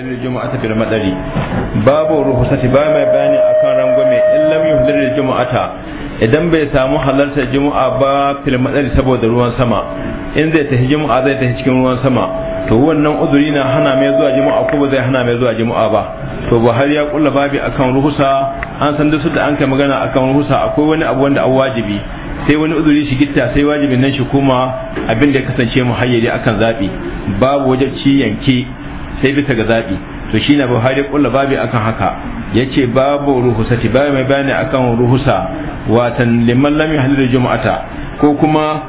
juma'a ta madari babu ruhsati ba mai bayani akan rangwame in lam yuhdir juma'ata idan bai samu halartar juma'a ba fil madari saboda ruwan sama in zai tafi juma'a zai tafi cikin ruwan sama to wannan uzuri na hana mai zuwa juma'a ko ba zai hana mai zuwa juma'a ba to ba har ya kulla babi akan ruhusa an san duk da an kai magana akan ruhusa akwai wani abu wanda an wajibi sai wani uzuri shi gitta sai wajibin nan shi kuma abin da ya kasance muhayyari akan zabi babu wajabci yanke sai bisa ga zaɓi to shi na buhari kulla babi akan haka ya ce babu ruhusati babu mai bayani akan ruhusa watan liman lam yahdir juma'ata ko kuma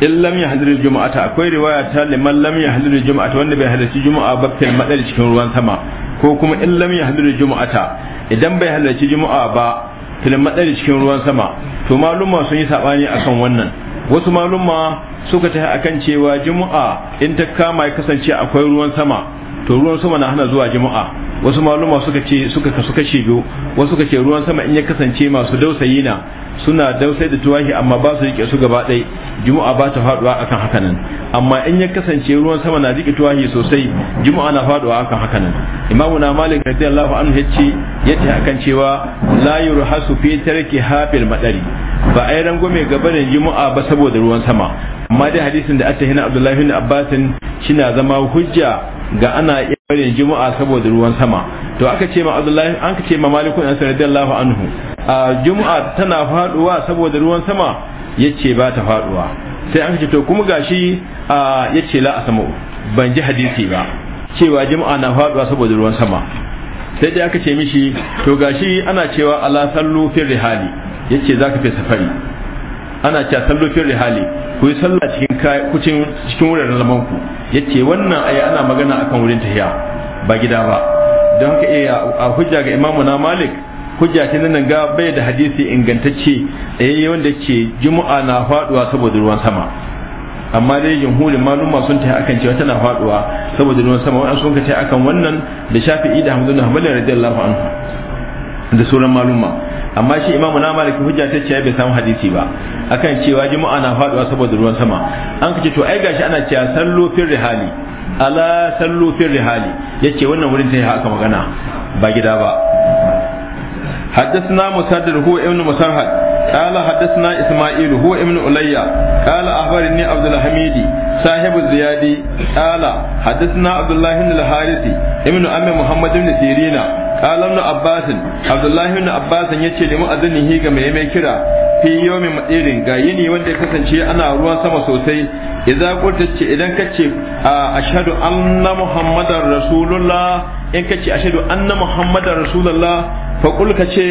in lam yahdir juma'ata akwai riwaya ta liman lam yahdir juma'ata wanda bai halarci juma'a ba fil madal cikin ruwan sama ko kuma in lam yahdir juma'ata idan bai halarci juma'a ba fil madal cikin ruwan sama to maluma sun yi sabani akan wannan wasu malumma suka ta akan cewa juma'a in ta kama ya kasance akwai ruwan sama to ruwan sama na hana zuwa juma'a wasu malumma suka ce suka kasu kashe biyu wasu suka ce ruwan sama in ya kasance masu dausayi na suna dausai da tuwahi amma ba su rike su gaba ɗai juma'a ba ta faduwa akan hakanan amma in ya kasance ruwan sama na rike tuwahi sosai juma'a na faduwa akan hakanan imamu na malik radiyallahu anhu yace yace akan cewa la yurhasu fi tarki hafil madari ba a yi rangwame gaba da jimu'a ba saboda ruwan sama amma dai hadisin da ake hina abdullahi bin abbasin shina zama hujja ga ana iya barin jimu'a saboda ruwan sama to aka ce ma abdullahi an ka ce ma malikun an radiyallahu anhu a jimu'a tana faduwa saboda ruwan sama yace ba ta faduwa sai an ce to kuma gashi yace la sama ban ji hadisi ba cewa jimu'a na faduwa saboda ruwan sama sai dai aka ce mishi to gashi ana cewa ala sallu fi rihali ya ce za ka fi safari ana cewa sallofin rihali ku yi sallah cikin cikin wuraren zaman ku ya ce wannan aya ana magana akan wurin tahiya ba gida ba don haka iya a hujja ga imamu na malik hujja ce nan ga bai da hadisi ingantacce yayi wanda ce juma'a na faduwa saboda ruwan sama amma dai jamhurin maluma sun ta akan cewa tana faduwa saboda ruwan sama wannan sun ka ta akan wannan da shafi'i da hamdu na anhu da sauran maluma amma shi imamu na maliki hujja ta ce bai samu hadisi ba akan cewa juma'a na faduwa saboda ruwan sama an kace to ai gashi ana cewa sallu fil rihali ala sallu fil rihali yace wannan wurin ta yi haka magana ba gida ba حدثنا مسدد هو ابن مسرهد قال حدثنا اسماعيل هو ابن عليا قال اخبرني عبد الحميد صاحب الزيادي قال حدثنا عبد الله بن الحارثي ابن ام محمد بن سيرين qala ibn abbas abdullahi ibn abbas yace limu adanihi ga mai mai kira fi yawmin matsirin ga yini wanda ya kasance ana ruwan sama sosai idan qulta ce idan kace ashhadu anna muhammadar rasulullah in ka kace ashhadu anna muhammadar rasulullah fa ka ce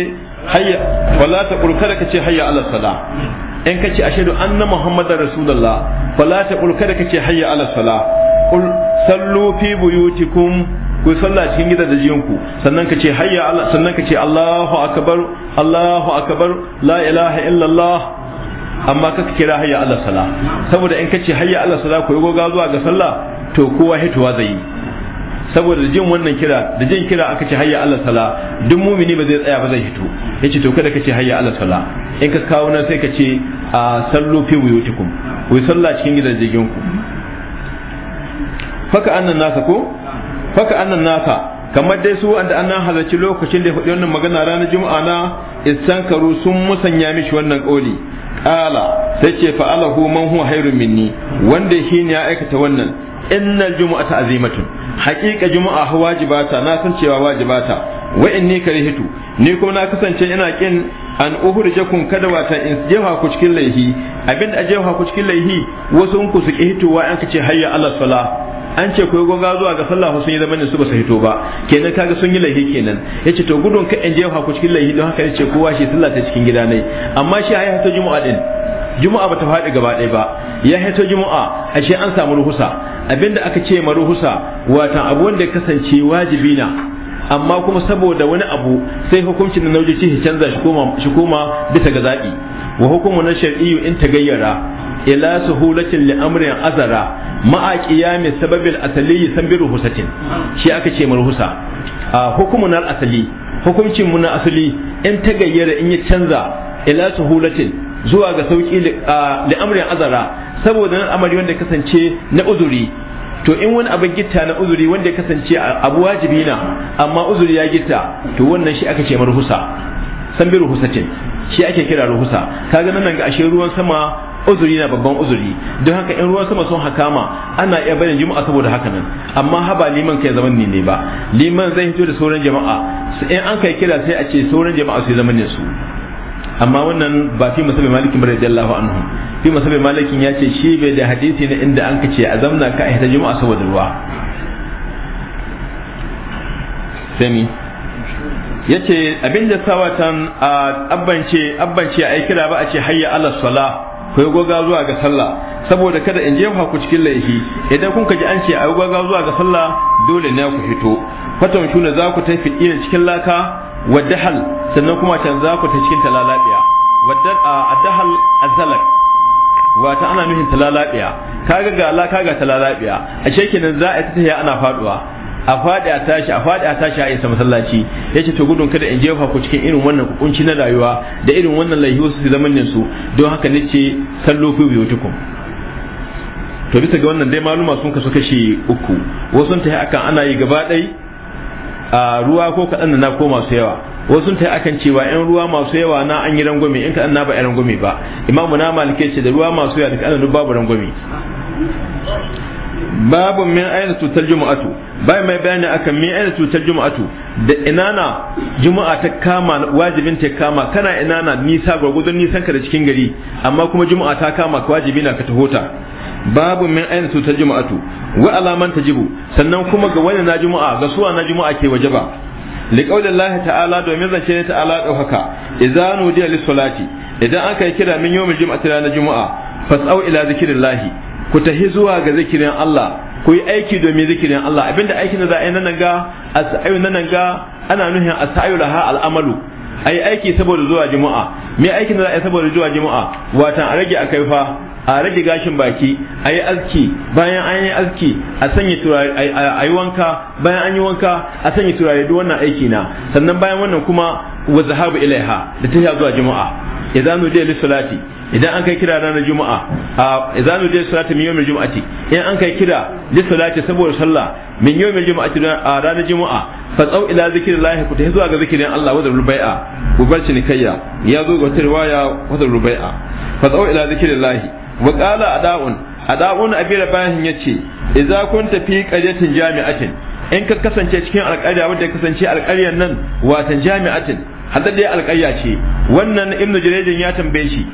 hayya wala ta qul kada kace hayya ala salah in ka kace ashhadu anna muhammadar rasulullah fala ta qul kada kace hayya ala salah qul sallu fi buyutikum ku sallah cikin gidajen ku sannan ka ce hayya Allah sannan ka ce Allahu akbar Allahu akbar la ilaha illallah amma ka kira hayya Allah sala saboda in ka ce hayya Allah sala ku yi goga zuwa ga sallah to kowa hituwa zai yi saboda jin wannan kira da jin kira aka ce hayya Allah sala duk mumini ba zai tsaya ba zai hito yace to kada ka ce hayya Allah sala in ka kawo nan sai ka ce a sallu fi wuyutikum ku sallah cikin gidajen ku faka annan nasa ko faka annan nasa kamar dai su wanda an halarci lokacin da ya faɗi wannan magana ranar juma'a na istankaru sun musanya mishi wannan ƙoli ƙala sai ce fa'alahu man huwa hairu minni wanda shi ne ya aikata wannan innal ta azimatun haƙiƙa juma'a wajibata na san cewa wajibata wa inni karihitu ni kuma na kasance ina kin an uhurjakum kada wata in jefa ku cikin laihi abinda a jefa ku cikin laihi wasu ku su kihitu wa an kace hayya ala salah an ce koyi goga zuwa ga sallah sun yi zaman su ba su hito ba kenan kaga sun yi laihi kenan yace to gudun ka in jefa ku cikin laihi don haka yace kowa shi sallah ta cikin gida ne amma shi ya hato juma'a din juma'a bata faɗi gaba ɗaya ba ya hato juma'a ashe an samu ruhusa abinda aka ce ma ruhusa watan abu wanda kasance wajibi na amma kuma saboda wani abu sai hukuncin da nauji shi canza shi koma bisa ga zaɓi wa hukumu na shar'iyyu in ta gayyara. ila suhulatin li amrin azara ma'a qiyami sababil asali sanbiru husatin shi aka ce marhusa hukumun al asali hukuncin mun asali in ta gayyara in ya canza ila suhulatin zuwa ga sauki li azara saboda nan amari wanda kasance na uzuri to in wani abin gitta na uzuri wanda ya kasance abu wajibi na amma uzuri ya gitta to wannan shi aka ce marhusa san bi ruhusatin shi ake kira ruhusa kaga nan ga ashe ruwan sama uzuri na babban uzuri don haka in ruwan sama sun hakama ana iya barin juma'a saboda haka nan amma haba liman kai zaman ne ba liman zai hito da sauran jama'a in an kai kira sai a ce sauran jama'a su zaman ne su amma wannan ba fi masabi malikin Allah anhu fi masabi malikin ya ce shi bai da hadisi na inda an kace a zamna ka a hita juma'a saboda ruwa sami yace abin da sawatan a abbance abbance ai kira ba a ce hayya ala salah ku yi goga zuwa ga sallah saboda kada in jefa ku cikin laifi idan kun ji an ce a yi goga zuwa ga sallah dole ne ku fito fatan shuna za ku tafi iya cikin laka wa dahal sannan kuma can za ku ta cikin talalabiya a dahal azalak wata ana nufin talalabiya kaga ga laka ga talalabiya a shekinan za a ta ana faduwa a fadi a tashi a fadi a tashi a isa masallaci yace to gudun kada in jefa ku cikin irin wannan kunci na rayuwa da irin wannan laihu su zaman ne su don haka nace sallu fi biyutukum to bisa ga wannan dai maluma sun kasu kashi uku wasu ta yi akan ana yi gaba ɗai a ruwa ko kaɗan na ko masu yawa wasu ta yi akan cewa yan ruwa masu yawa na an yi rangwame in kaɗan na ba yan rangwame ba imamu na malike ce da ruwa masu yawa da kaɗan babu rangwame babu min aina cutar juma'atu bai mai bayani akan min aina cutar juma'atu da inana juma'a ta kama wajibin ta kama kana inana nisa gwargwadon nisan ka da cikin gari amma kuma juma'a ta kama ka wajibi na ka tahota babu min aina cutar juma'atu wa alaman tajibu sannan kuma ga wani na juma'a ga suwa na juma'a ke wajaba liƙaulin Allah ta'ala domin zance ne ta'ala ɗaukaka idan nudiya lissolati idan aka yi kira min yawmin juma'ati ranar juma'a fas'au ila zikirillahi ku tahi zuwa ga zikirin Allah ku yi aiki domin zikirin Allah abinda aiki na za a yi nan ga asayu nan ga ana nuhin asayu laha al'amalu ai aiki saboda zuwa juma'a me aikin da za a yi saboda zuwa juma'a watan a rage akai fa a rage gashin baki a yi aski bayan an yi aski a sanya turare a yi wanka bayan an yi wanka a sanya turare duk wannan aiki na sannan bayan wannan kuma wa zahabu ilaiha da ta zuwa juma'a idan nudiya lis salati idan an kai kira ranar juma'a a idza nudiya salati min yawmil juma'ati in an kai kira li salati saboda sallah min yawmil juma'ati a ranar juma'a fa tsau ila zikrillahi ku tafi zuwa ga zikirin Allah wa rubai'a. bai'a ku ni kayya ya zo ga wata riwaya wa zarul bai'a fa tsau ila zikrillahi wa qala ada'un ada'un abi rabahin yace idza kunta fi qaryatin jami'atin in ka kasance cikin alƙarya wanda ya kasance alƙaryar nan watan jami'atin haddade alƙarya ce wannan ibnu jirejin ya tambaye shi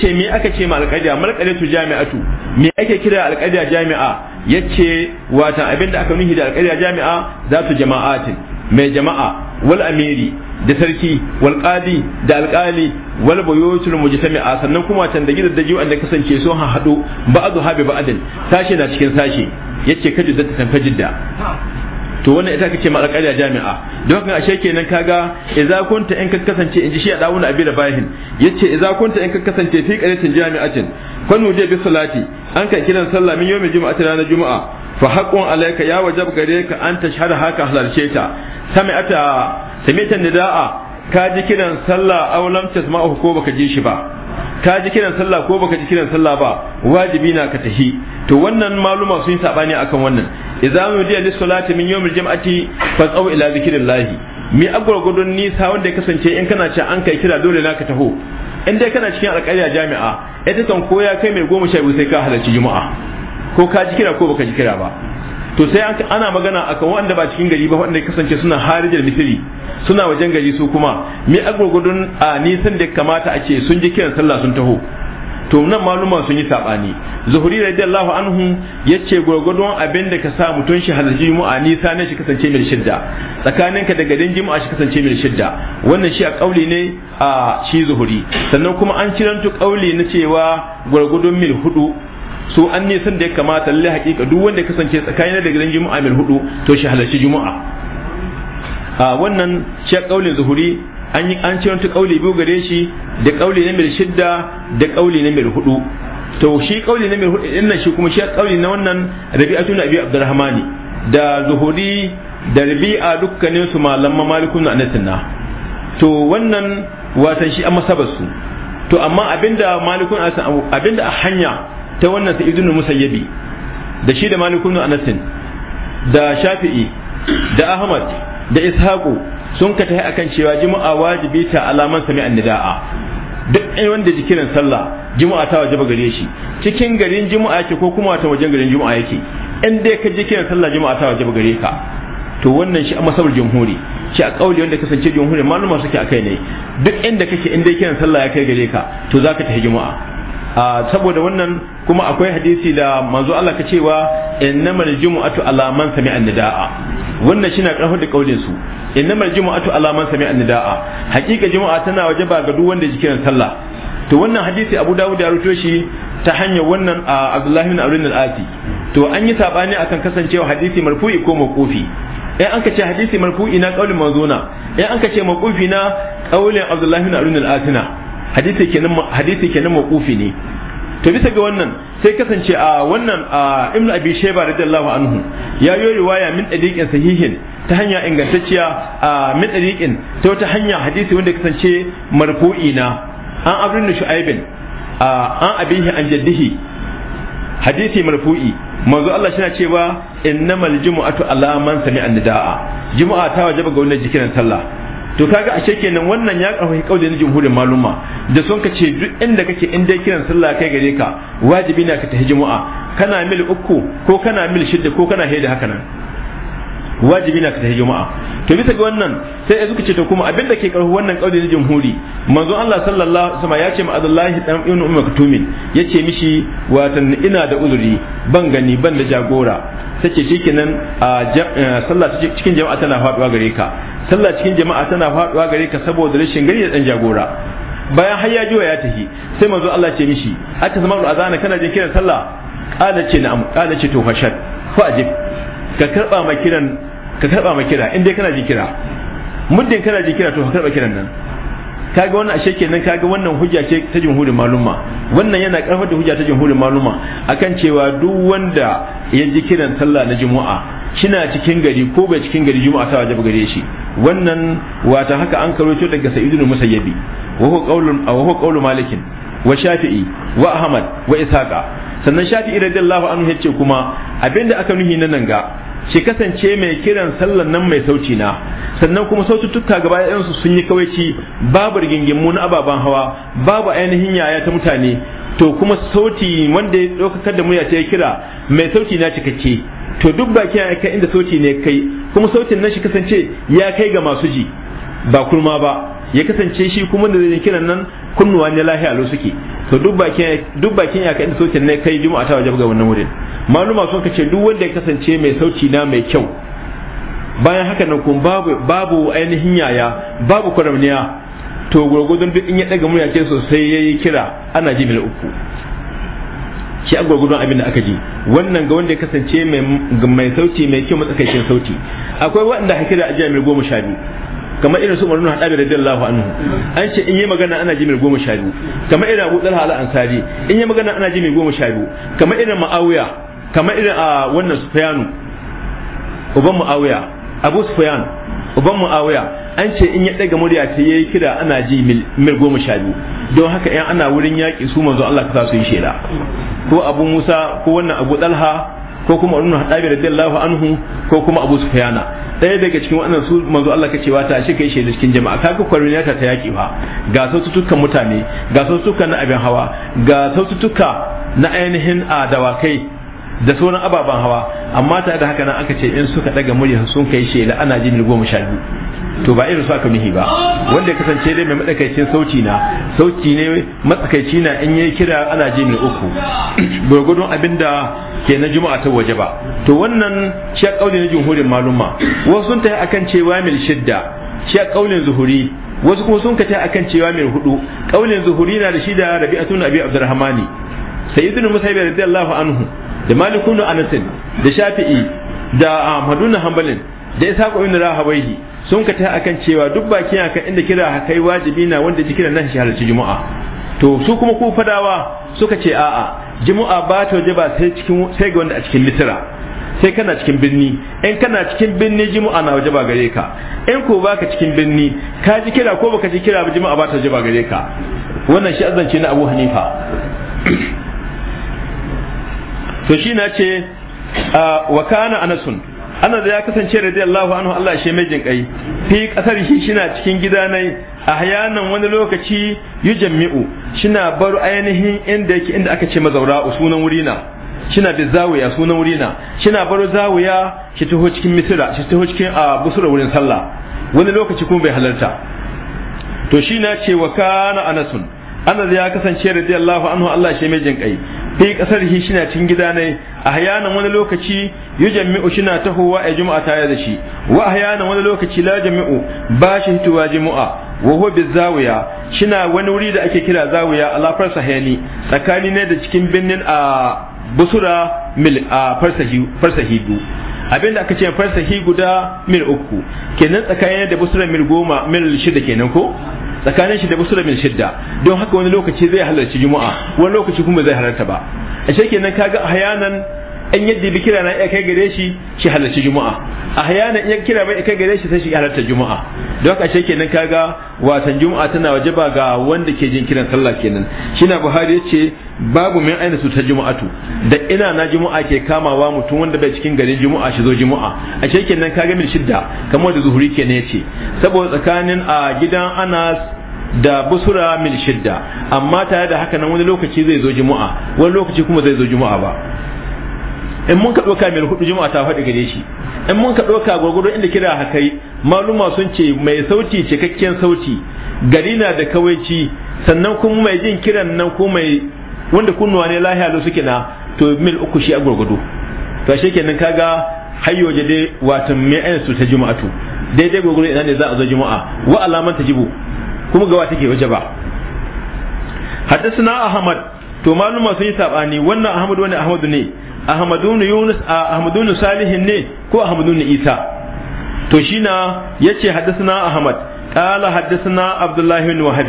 ce me aka ce ma alƙarya malƙaryatu jami'atu me ake kira alƙarya jami'a yace wata abinda aka nuhi da alƙarya jami'a zatu jama'atin mai jama'a wal amiri da sarki wal qadi da alqali wal buyutul mujtami'a sannan kuma tan da gidaddaji da kasance so ha hado ba'adu habi ba'adin sashi na cikin sashi yace kaji da ta tanfa jidda to wannan ita kace ma alƙarya jami'a don haka ashe kenan kaga idza kunta in ka kasance in ji shi a dawuna abi da bahin yace idza kunta in ka kasance fi qaratin jami'atin kanu je bi salati an ka kiran sallah min yawmi jumu'ati ranar juma'a fa haqqun alayka ya wajab gare ka an tashhada haka halarce ta sami'ata sami'ta nida'a ka ji kiran sallah aw lam tasma'u ko baka ji shi ba ka ji kiran sallah ko baka ji kiran sallah ba wajibi na ka tahi to wannan maluma sun yi sabani akan wannan idza nudiya lis salati min yawmil fa fas'au ila zikrillah mi agurgudun nisa wanda ya kasance in kana ce an kai kira dole na ka taho in dai kana cikin alƙarya jami'a ita kan koya kai mai goma sha biyu sai ka halarci juma'a ko ka ji kira ko baka ji kira ba to sai ana magana akan wanda ba cikin gari ba wanda ya kasance suna harijar misiri suna wajen gari su kuma me agwagwadon a nisan da kamata a ce sun ji kiran sallah sun taho to nan maluma sun yi sabani zuhuri radiyallahu anhu yace gurgurdon abin da ka sa mutun shi mu a nisa ne shi kasance mil shidda tsakaninka da garin jima'a shi kasance mil shidda wannan shi a kauli ne a shi zuhuri sannan kuma an kiranta kauli na cewa gurgurdon mil hudu so an nisan da ya kamata lalle hakika duk wanda ya kasance tsakanin da gidan juma'a mil hudu to shi halarci juma'a a wannan ce kaule zuhuri an yi an ta kaule biyu gare shi da kaule na mil shidda da kaule na mil hudu to shi kaule na mil hudu din nan shi kuma shi kaule na wannan rabi'atu na abi abdurrahmani da zuhuri da rabi'a dukkanin su malamma malikun na anasinna to wannan watan shi an masabar su to amma abinda malikun abinda a hanya ta wannan sai ibn musayyabi da shi da malik ibn anas da shafi'i da ahmad da ishaqu sun ka tafi akan cewa juma'a wajibi ta alaman sami annida'a duk ɗan wanda ji kiran sallah juma'a ta wajaba gare shi cikin garin juma'a yake ko kuma ta wajen garin juma'a yake in dai ka ji kiran sallah juma'a ta wajaba gare ka to wannan shi a masabar jamhuri shi a kauli wanda kasance jamhuri maluma suke akai ne duk inda kake in dai kiran sallah ya kai gare ka to zaka tafi jima'a. Ah, saboda wannan kuma akwai hadisi da manzo Allah ka cewa innamal jumu'atu ala man sami'a nida'a wannan shi na karfar da kaulin su innamal jumu'atu ala man sami'a nida'a hakika jumu'a tana wajaba ga duk wanda jikin sallah to wannan hadisi Abu Dawud ya rubuto shi ta hanyar wannan ah, Abdullahi bin Abdul Al-Asi to an yi sabani akan kasancewa hadisi marfu'i ko mawqufi in an ka ce hadisi marfu'i na kaulin manzo na in an ka ce mawqufi na kaulin Abdullahi bin Abdul Al-Asina hadisi kenan hadisi ne to bisa ga wannan sai kasance a wannan ibnu abi shayba radiyallahu anhu ya yi riwaya min dariqin sahihin ta hanya ingantacciya min dariqin ta wata hanya hadisi wanda kasance marfu'i na an abrin shu'aibin an abihi an jaddihi hadisi marfu'i manzo Allah shi na cewa innamal jumu'atu ala man sami'a nida'a jumu'a ta wajaba ga wannan jikiran sallah to kaga ashe kenan wannan ya kafa na jumhurin maluma da sun ka ce duk inda kake in dai kiran sallah kai gare ka wajibi na ka tafi kana mil uku ko kana mil shidda ko kana hede haka nan wajibi na ka tafi juma'a to bisa ga wannan sai ya zuka ce to kuma abin da ke karhu wannan kauli na jamhuri manzon Allah sallallahu alaihi wasallam ya ce ma Abdullahi dan ibn Umm Maktum ya ce mishi watan ina da uzuri ban gani ban da jagora sace shikenan a sallah cikin jama'a tana faduwa gare ka sallah cikin jama'a tana faduwa gare ka saboda rashin gani da dan jagora bayan har ya juwa ya tafi sai manzo Allah ce mishi aka zama azana kana jin kiran sallah kala ce na'am kala ce to fashad fa ajib ka karba ma kiran ka karba ma kira in dai kana ji kira muddin kana ji kira to ka karba kiran nan kaga wannan ashe kenan kaga wannan hujja ce ta jumhurin maluma wannan yana karfar da hujja ta jumhurin maluma akan cewa duk wanda ya ji kiran sallah na juma'a kina cikin gari ko bai cikin gari juma'a ta wajaba gare shi wannan wata haka an karo to daga sa'idun musayyabi wa huwa qaulun aw huwa qaulu malikin wa shafi'i wa ahmad wa ishaqa sannan shafi'i radiyallahu anhu yace kuma abinda aka nuhi nan ga shi kasance mai kiran sallan nan mai sauci na sannan kuma saututtuka gaba su sun yi kawaici babu rigingimu na ababen hawa babu ainihin yaya ta mutane to kuma sauti wanda ya ɗaukakar da murya ta kira mai sauti na cikakke to duk baki ya kai inda sauti ne kai kuma sautin nan shi kasance ya kai ga masu ji ba kurma ba ya kasance shi kuma da zai kiran nan kunnuwa ne lahiya lo suke to duk bakin ya kai sautin ne kai juma'a ta wajen ga wannan wurin maluma sun kace duk wanda ya kasance mai sauti na mai kyau bayan haka nan kun babu babu ainihin yaya babu kwaramniya to gurgudun duk in ya daga murya ce sosai yayi kira ana ji bil uku shi a gurgudun abin da aka ji wannan ga wanda ya kasance mai sauti mai kyau matsakaicin sauti akwai waɗanda hakira a jami'ar goma sha biyu kamar irin su maruna da radiyallahu anhu an ce in yi magana ana ji mai goma sha biyu kamar irin abu ɗalha ala ansari in yi magana ana ji mai goma sha biyu kamar irin ma'awiya kamar irin a ah, wannan sufyanu uban ma'awiya abu sufyan uban ma'awiya an ce in ya daga murya ta yayi kira ana ji mil goma sha biyu don haka yan ana wurin yaƙi su manzo Allah ka sa su yi shela ko abu musa ko wannan abu ɗalha. ko kuma ibn hadabi radiyallahu anhu ko kuma abu sufyana ɗaya daga cikin wannan su manzo Allah ka wa ta shi kai shi cikin jama'a kaga kwarinata ta ta yaki fa ga sautukan mutane ga sautukan na abin hawa ga sautuka na ainihin a ah, dawakai da sauran ababen hawa amma ta da haka nan aka ce in suka daga murya sun kai la ana ji goma sha biyu to ba irin su aka mihi ba wanda ya kasance dai mai matsakaicin sauti na sauti ne matsakaici na in yayi kira ana ji uku gurgudun abinda ke na juma'a ta waje ba to wannan shi kaulin na jumhurin maluma wasu sun tayi akan cewa mil shidda shi kaulin zuhuri wasu kuma sun kace akan cewa mil hudu kaulin zuhuri na da shi da rabi'atun abi abdurrahmani sayyidun musaibi radiyallahu anhu da malikunu anasin da shafi'i da ah, Maduna hanbalin da isa ko ibn rahawaihi sun ka ta akan cewa duk bakin akan inda kira kai wajibi na wanda ji kira nan shi halarci juma'a to su kuma ku fadawa suka ce a'a juma'a ba ta waje ba sai cikin sai ga wanda a cikin litira sai kana cikin birni in kana cikin birni juma'a na waje ba gare ka in ko baka cikin birni ka ji kira ko baka ji kira ba juma'a ba ta waje ba gare ka wannan shi azanci na Abu Hanifa to shi na ce wa kana anasun da ya kasance radiyallahu anhu Allah shi mai jinkai fi kasar shi shina cikin gida nai ahyanan wani lokaci yujammi'u shina baro ainihin inda yake inda aka ce mazaura sunan wurina shina bi zawiya sunan wurina shina baro zawiya shi taho cikin misira shi taho cikin a busura wurin sallah wani lokaci kuma bai halarta to shi na ce wa kana anasun da ya kasance radiyallahu anhu Allah shi mai jinkai fi shi shina cikin gida ne hayanan wani lokaci yujammi'u shina tahowa a juma'a tare da shi wa hayanan wani lokaci la jami'u ba shi hituwa jumu'a wa zawuya bizawiya shina wani wuri da ake kira zawiya lafar sahani tsakani ne da cikin birnin a busura mil a farsahidu abinda aka ce farsahi guda mil uku kenan tsakani ne da busura mil goma mil shida kenan ko tsakanin shi da busura shidda don haka wani lokaci zai halarci juma'a wani lokaci kuma zai halarta ba a shekenan kaga hayanan in yadda bi kira na ya kai gare shi shi halarci juma'a a hayana in kira bai kai gare shi sai shi halarta juma'a don haka kenan kaga watan juma'a tana wajaba ga wanda ke jin kiran sallah kenan shina buhari yace babu min aina su ta juma'atu da ina na juma'a ke kamawa mutum wanda bai cikin gari juma'a shi zo juma'a a kenan kaga min shidda kamar da zuhuri kenan yace saboda tsakanin a gidan anas da busura mil shidda amma tare da haka nan wani lokaci zai zo juma'a wani lokaci kuma zai zo juma'a ba in mun ka ɗauka mai hudu juma'a ta faɗi gare shi in mun ka ɗauka gwargwado inda kira hakai maluma sun ce mai sauti cikakken sauti gari na da kawaici sannan kuma mai jin kiran nan ko mai wanda kunnuwa ne lahiya lo suke na to mil uku shi a gwargwado to shi kenan kaga hayyo dai watan mai ayin su ta tu daidai gwargwado ina ne za a zo juma'a wa alaman jibo kuma gawa take waje ba suna ahmad to maluma sun yi saɓani wannan ahmad wani ahmad ne ahmadun yunus ahmadun salihin ne ko ahmadun isa to shi na yace haddathana ahmad qala haddathana abdullahi bin wahab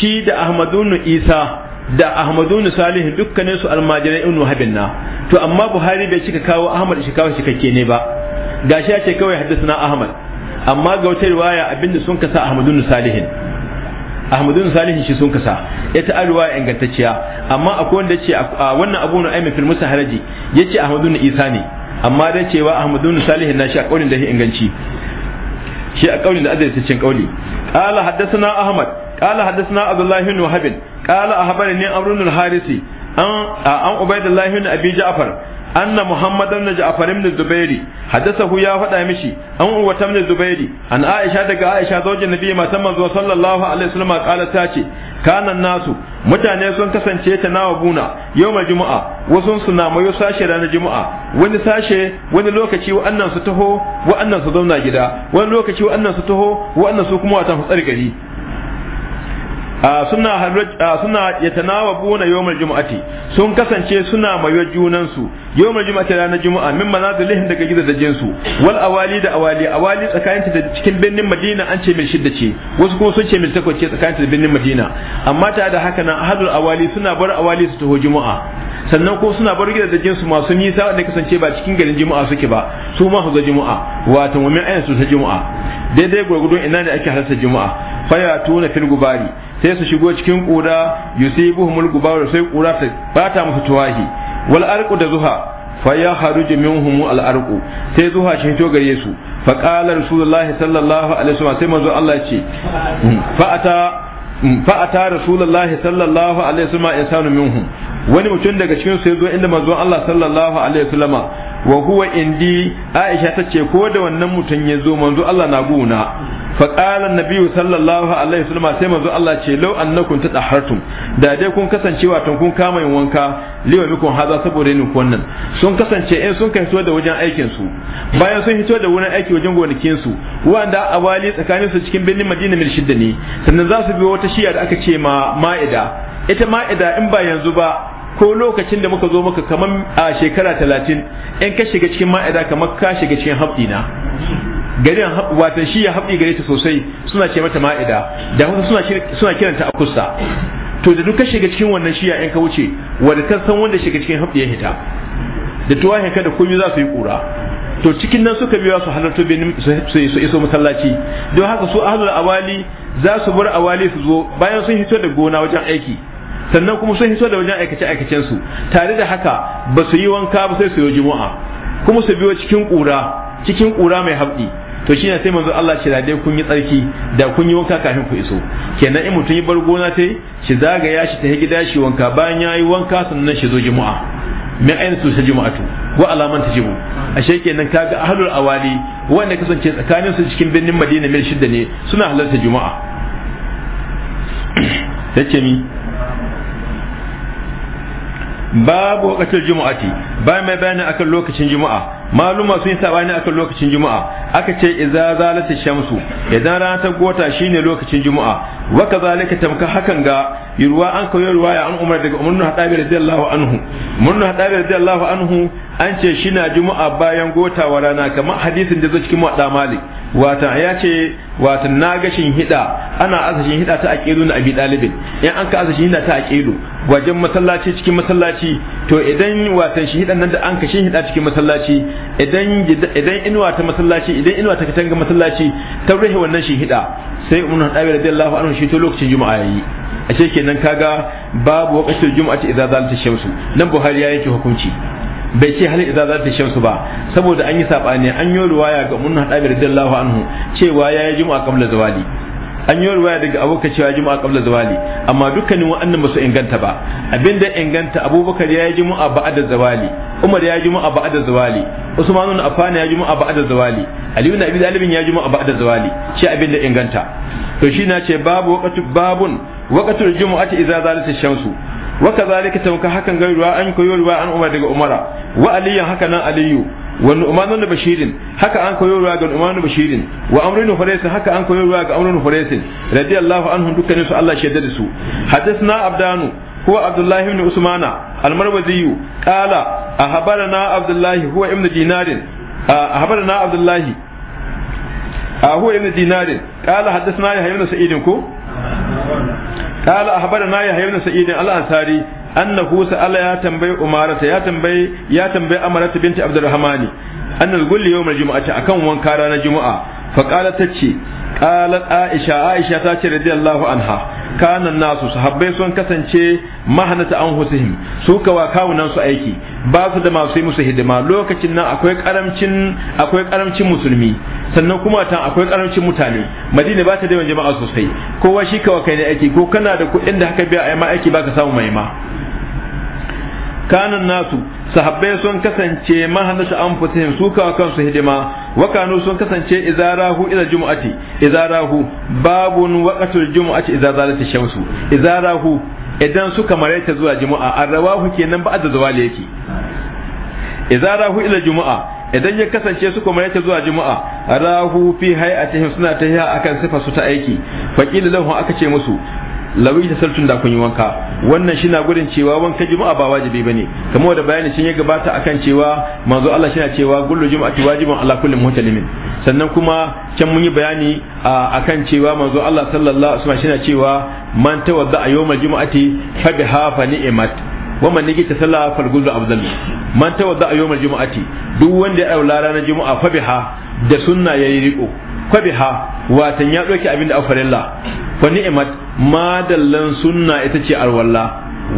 shi da ahmadun isa da ahmadun salihin dukkanin su almajirai ibn wahab na to amma buhari bai cika kawo ahmad shi kawo shi kake ne ba gashi yace kawai hadasana ahmad amma ga wata riwaya abinda sun kasa ahmadun salihin ahmadun salihin shi sun kasa ita arwa ingantacciya amma akwai wanda ce wannan abu na aimin fil musaharaji yace ahmadun isa ne amma dai cewa ahmadun salihin na shi a kaurin da shi inganci shi a kaurin da azai cin kauli qala haddathana ahmad qala haddathana abdullah ibn wahab qala ahbarani amrun al-harisi an an ubaidullah ibn abi ja'far anna muhammad ibn ja'far ibn zubairi hadathahu ya faɗa mishi an uwa ta ibn an aisha daga aisha zaujin nabi matan manzo sallallahu alaihi wasallam kala ta ce kanan nasu mutane sun kasance ta nawa buna yau ma juma'a wasu su na mayo sashe ranar juma'a wani sashe wani lokaci wa'annan su taho wa'annan su zauna gida wani lokaci wa'annan su taho wa'annan su kuma wata tsari gari Ah, suna ah, suna yatanawabuna yawmal jumu'ati sun kasance suna mayo junan su yawmal jumu'ati ranar jumu'a min manazilihin daga gidajen su wal awali da awali awali tsakanin da cikin birnin Madina an ce mil shidda ce wasu kuma sun ce mil takwas ce tsakanin da birnin Madina amma ta da haka nan ahadul awali suna bar awali su taho jumu'a sannan ko suna bar gidajen su masu nisa wanda kasance ba cikin garin jumu'a suke ba su ma su ga jumu'a wato wa min ayin ta jumu'a daidai gurgudun ina ne ake halarta jumu'a tuna fil gubari sai su shigo cikin ƙura yusibuhumul gubari sai ƙura ta bata musu tuwahi wal arqu da zuha faya haruji minhum al arqu sai zuha shi to gare su fa qala rasulullah sallallahu alaihi wasallam sai manzo Allah ya ce hmm, fa ata hmm, fa ata rasulullah sallallahu alaihi wasallam insanu minhum wani mutum daga cikin su yazo inda manzo Allah sallallahu alaihi wasallama wa huwa indi Aisha tace ko da wannan mutum yazo manzo Allah na guna فقال النبي صلى الله عليه وسلم sai manzo ala ce law annakum tadahartum da dai kun kasance watan kun kama yin wanka liwa mikun haza saboda yin wannan sun kasance in eh, sun kai da wajen aikin su bayan sun fito da wurin aiki wajen gonakin su wanda awali tsakanin su cikin birnin Madina mil shidda ne sannan za su bi wata shiya da aka ce ma ma'ida ita ma'ida in ba yanzu ba ko lokacin da muka zo maka kamar a shekara talatin in ka shiga cikin ma'ida kamar ka shiga cikin habdina garin watan shi ya haɓi gare ta sosai suna ce mata ma'ida da hausa suna kiranta a kusa to da duka shiga cikin wannan shiya yan ka wuce wanda kan san wanda shiga cikin haɓi ya hita da tuwa ka da komi za su yi kura to cikin nan suka biya su halarta benin su iso masallaci don haka su ahlul awali za su bar awali su zo bayan sun hito da gona wajen aiki sannan kuma sun hito da wajen aikace aikacen su tare da haka ba su yi wanka ba sai su yi juma'a kuma su biyo cikin kura cikin kura mai haɓdi to shi sai manzo Allah ce kun yi tsarki da kun yi wanka kafin ku iso kenan in mutum yi bar gona ta shi zagaya shi ta gida shi wanka bayan ya yi wanka sannan shi zo juma'a min ayin su ta juma'atu wa alaman ta A ashe kenan kaga ahlul awali wanda kasance tsakanin su cikin birnin Madina mil shidda ne suna halarta juma'a yace mi babu wakatul juma'ati bayan mai bayani akan lokacin juma'a maluma sun yi sabani akan lokacin juma'a aka ce idza zalati shamsu idan rana ta gota shine lokacin juma'a wa kazalika tamka hakan ga yurwa an kawo ruwaya an umar daga umarnu hadabi radiyallahu anhu umar hadabi radiyallahu anhu an ce shina juma'a bayan gotawa rana kamar hadisin da zai cikin muwadda malik wata ya ce wata na gashin hida ana azashin hida ta aqilu na abi dalibin in an ka azashin hida ta aqilu wajen masallaci cikin masallaci to idan wata shi hidan nan da an ka shin hida cikin masallaci idan idan inuwa ta masallaci idan inuwa ta katanga masallaci ta rufe wannan shi hida sai ummu hadabi radiyallahu anhu shi to lokacin juma'a yayi ashe kenan kaga babu waqtul juma'a idza zalata shamsu nan buhari ya ki hukunci bai ce hal idza shan shamsu ba saboda an yi sabani an yi ruwaya ga munna hadabi radiyallahu anhu cewa ya yi juma'a qabla zawali an yi ruwaya daga abubakar cewa juma'a qabla zawali amma dukkanin wa'annan basu inganta ba abinda inganta abubakar ya yi juma'a ba'da zawali umar ya yi juma'a ba'da zawali usman ibn affan ya yi juma'a ba'da zawali ali ibn abi talib ya yi juma'a ba'da zawali shi abinda inganta to shi na ce babu waqtu babun waqtu al za idza zalata shamsu wa kazalika tauka hakan ga ruwa an koyo ruwa an umar daga umara wa aliyan haka nan aliyu wa nu'man da bashirin haka an koyo ruwa ga nu'man bashirin wa amrunu faraisin haka an koyo ruwa ga amrunu faraisin radiyallahu anhum dukkanin su Allah shaidar da su hadathna abdanu هو عبد الله بن عثمان المروزي قال أخبرنا عبد الله هو ابن دينار أخبرنا عبد الله هو ابن دينار قال حدثنا يحيى بن سعيد كو qala ahbarana na ibn sa'id al al'ansari. annahu sa'ala ya tambayi umarata ya tambayi ya tambayi amarata binti abdurrahmani an al-gull yawm al-jum'ati akan wanka ranar juma'a fa qalat tace qalat aisha aisha ta ce allahu anha kanan nasu sahabbai sun kasance mahanata an husihim su kawa kawunan su aiki ba su da masu yi musu hidima lokacin nan akwai karamcin akwai karamcin musulmi sannan kuma tan akwai karamcin mutane madina ba ta da yawan jama'a sosai kowa shi kawa kai ne aiki ko kana da kuɗin da haka biya ai ma aiki baka samu mai ma kanan nasu sahabbai sun kasance su an fusihim su kawo kansu hidima wa kanu sun kasance izarahu ila jumu'ati izarahu babun waqatul jumu'ati idza zalati shamsu izarahu idan suka maraita zuwa jumu'a arrawahu kenan ba'da zawali yake izarahu ila jumu'a idan ya kasance suka kuma zuwa juma'a arrahu fi hay'atihim suna ta akan sifa su ta aiki faqila lahu aka ce musu lawai da saltun da kun yi wanka wannan shi na gudun cewa wanka juma'a ba wajibi bane kamar da bayani shi ya gabata akan cewa manzo Allah shi cewa kullu juma'ati wajibun ala kulli muhtalimin sannan kuma can mun yi bayani akan cewa manzo Allah sallallahu alaihi wasallam shi cewa man tawadda a yawmal juma'ati fa biha fa ni'mat wa man nigita sallah fal gullu afdal man tawadda a yawmal juma'ati duk wanda ya aula ranar juma'a fa biha da sunna yayi riko kwabiha watan ya ɗauki abin da a farilla fa ni'mat madallan sunna ita ce alwalla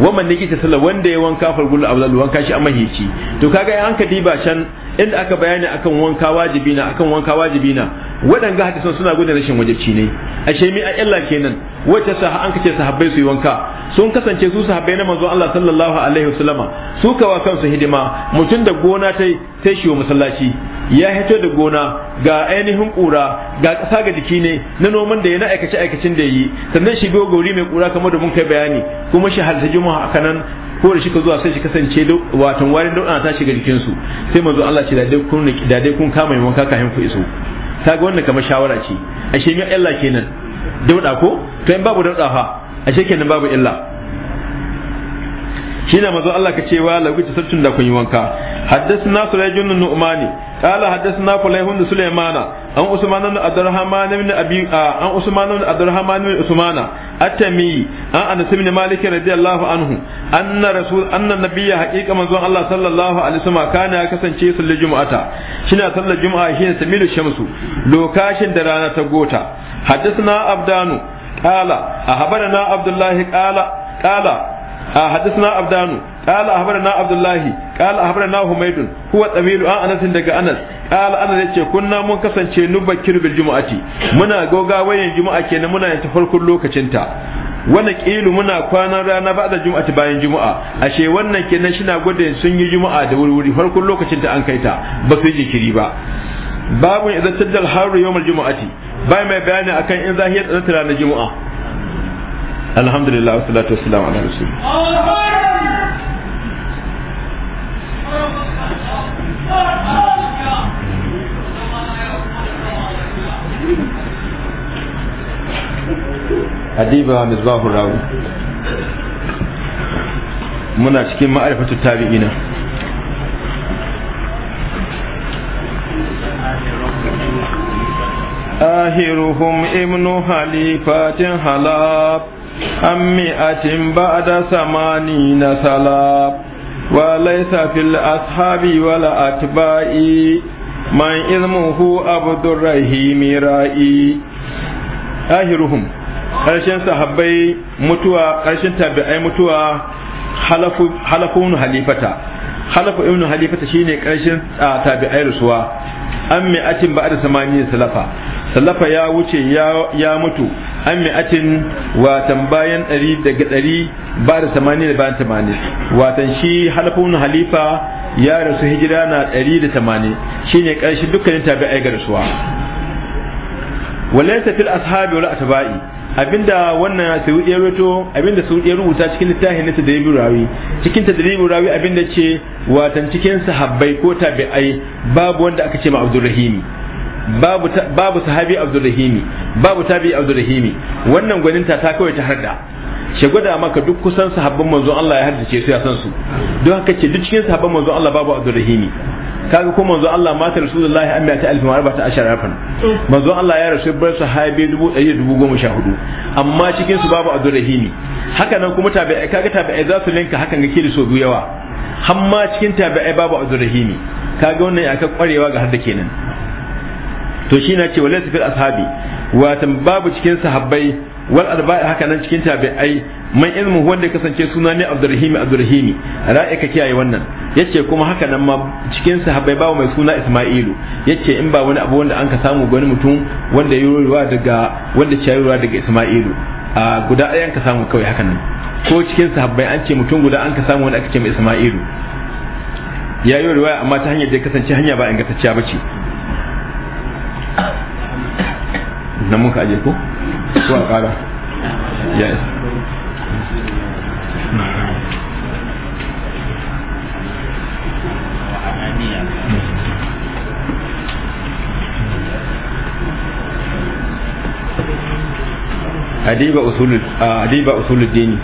waman ne kita sallah wanda ya wanka fargulu abdul wanka shi a mahici to kaga an ka diba can inda aka bayani akan wanka wajibi na akan wanka wajibi na waɗanga hadisi suna gudun rashin wajibci ne ashe mi a illa kenan wacce sa an kace sahabbai su yi wanka sun kasance su sahabbai na manzon Allah sallallahu alaihi wasallama su kawa kansu hidima mutum da gona ta ta shiwo masallaci ya hito da gona ga ainihin kura ga kasa ga jiki ne na noman da ya na aikace aikacin da yi sannan shi biyo gori mai kura kamar da mun kai bayani kuma shi halitta juma'a a nan ko da shi ka zuwa sai shi kasance watan warin dauɗa ta shiga jikinsu sai mazu Allah ce da dai kun kama yawan kaka hin ku iso kaga wannan kamar shawara ce ashe mai Allah kenan dauɗa ko to in babu dauɗa a ashe kenan babu illa na mazu Allah ka ce wa lagu ta da kun yi wanka haddathna surayjun nu'mani قال حدثنا فليح بن سليمان عن عثمان بن عبد الرحمن بن ابي عن عثمان بن عبد الرحمن بن عثمان التمي عن انس بن مالك رضي الله عنه ان رسول ان النبي حقيقه من الله صلى الله عليه وسلم كان يكسنce sallar jumu'ata shine sallar jumu'a shine samilu shamsu lokacin da rana ta gota حدثنا عبدان قال أخبرنا عبد الله قال قال حدثنا عبدان قال أخبرنا عبد الله قال أخبرنا حميد هو طويل عن أنس دغ أنس قال أنا yace kunna mun kasance nubakir bil jumu'ati muna goga wayan juma'a kenan muna yin ta farkon lokacin ta wani kilu muna kwanan rana ba da juma'a bayan juma'a ashe wannan kenan shina gwada sun yi juma'a da wuri-wuri farkon lokacin ta an kai ta ba su yi jikiri ba babu idan tajjal haru yawmal juma'ati bai mai bayani akan in zahiyar tsanatar ranar juma'a alhamdulillah wasu salatu wasu ala rasulillah adiba misbahu rawi muna cikin ma'arifatu tabi'ina ahiruhum ibnu halifatin halab عن مئة بعد ثمانين سلاب وليس في الأصحاب ولا أتباع من إذمه عبد الرحيم رائي آخرهم ƙarshen sahabbai mutuwa ƙarshen tabi'ai mutuwa halafu ibn halifata halafu ibn halifata shine ƙarshen tabi'ai rusuwa an mai atin ba da samani salafa salafa ya wuce ya mutu an mi'atin watan bayan ɗari daga ɗari ba da tamanin da bayan tamanin watan shi halafun halifa ya rasu hijira na ɗari da tamanin shine ƙarshen dukkanin tabi'ai ga rasuwa walaysa fil ashabi wala atba'i abinda wannan saudi ya rato abinda saudi ya rubuta cikin littafin nasa da rawi cikin tadribin rawi abinda ce watan cikin sahabbai ko tabi'ai babu wanda aka ce ma abdurrahimi babu babu sahabi abdurrahimi babu tabi abdurrahimi wannan gwaninta ta kawai ta harda shi gwada maka duk kusan sahabban manzo Allah ya haddace su ya san su don haka ce duk cikin sahabban manzo Allah babu abdurrahimi kaga ko manzo Allah mata rasulullahi an biya ta alfin wa ta ashar alfan manzo Allah ya rasu bar sahabi dubu ɗari dubu goma sha hudu amma cikin su babu abdurrahimi haka nan kuma tabi'ai kaga tabi'ai za su linka hakan ga kili so biyu yawa hamma cikin tabi'ai babu abdurrahimi kaga wannan ya ka kwarewa ga hadda kenan to shi na ce wa laisa fil ashabi watan babu cikin sahabbai wal arba'i haka nan cikin tabi'ai man ilmu wanda kasance suna ne abdurrahimi abdurrahimi ra'ayi ka kiyaye wannan yace kuma haka nan ma cikin sahabbai babu mai suna isma'ilu yace in ba wani abu wanda an ka samu wani mutum wanda ya ruwa daga wanda ya ruwa daga isma'ilu a guda ɗayan ka samu kawai haka nan ko cikin sahabbai an ce mutum guda an ka samu wanda aka ce mai isma'ilu ya yi riwaya amma ta hanyar da kasance hanya ba ingantacciya ba ce nan muka aje ko ko a kara ya adiba usulul adiba usulul dini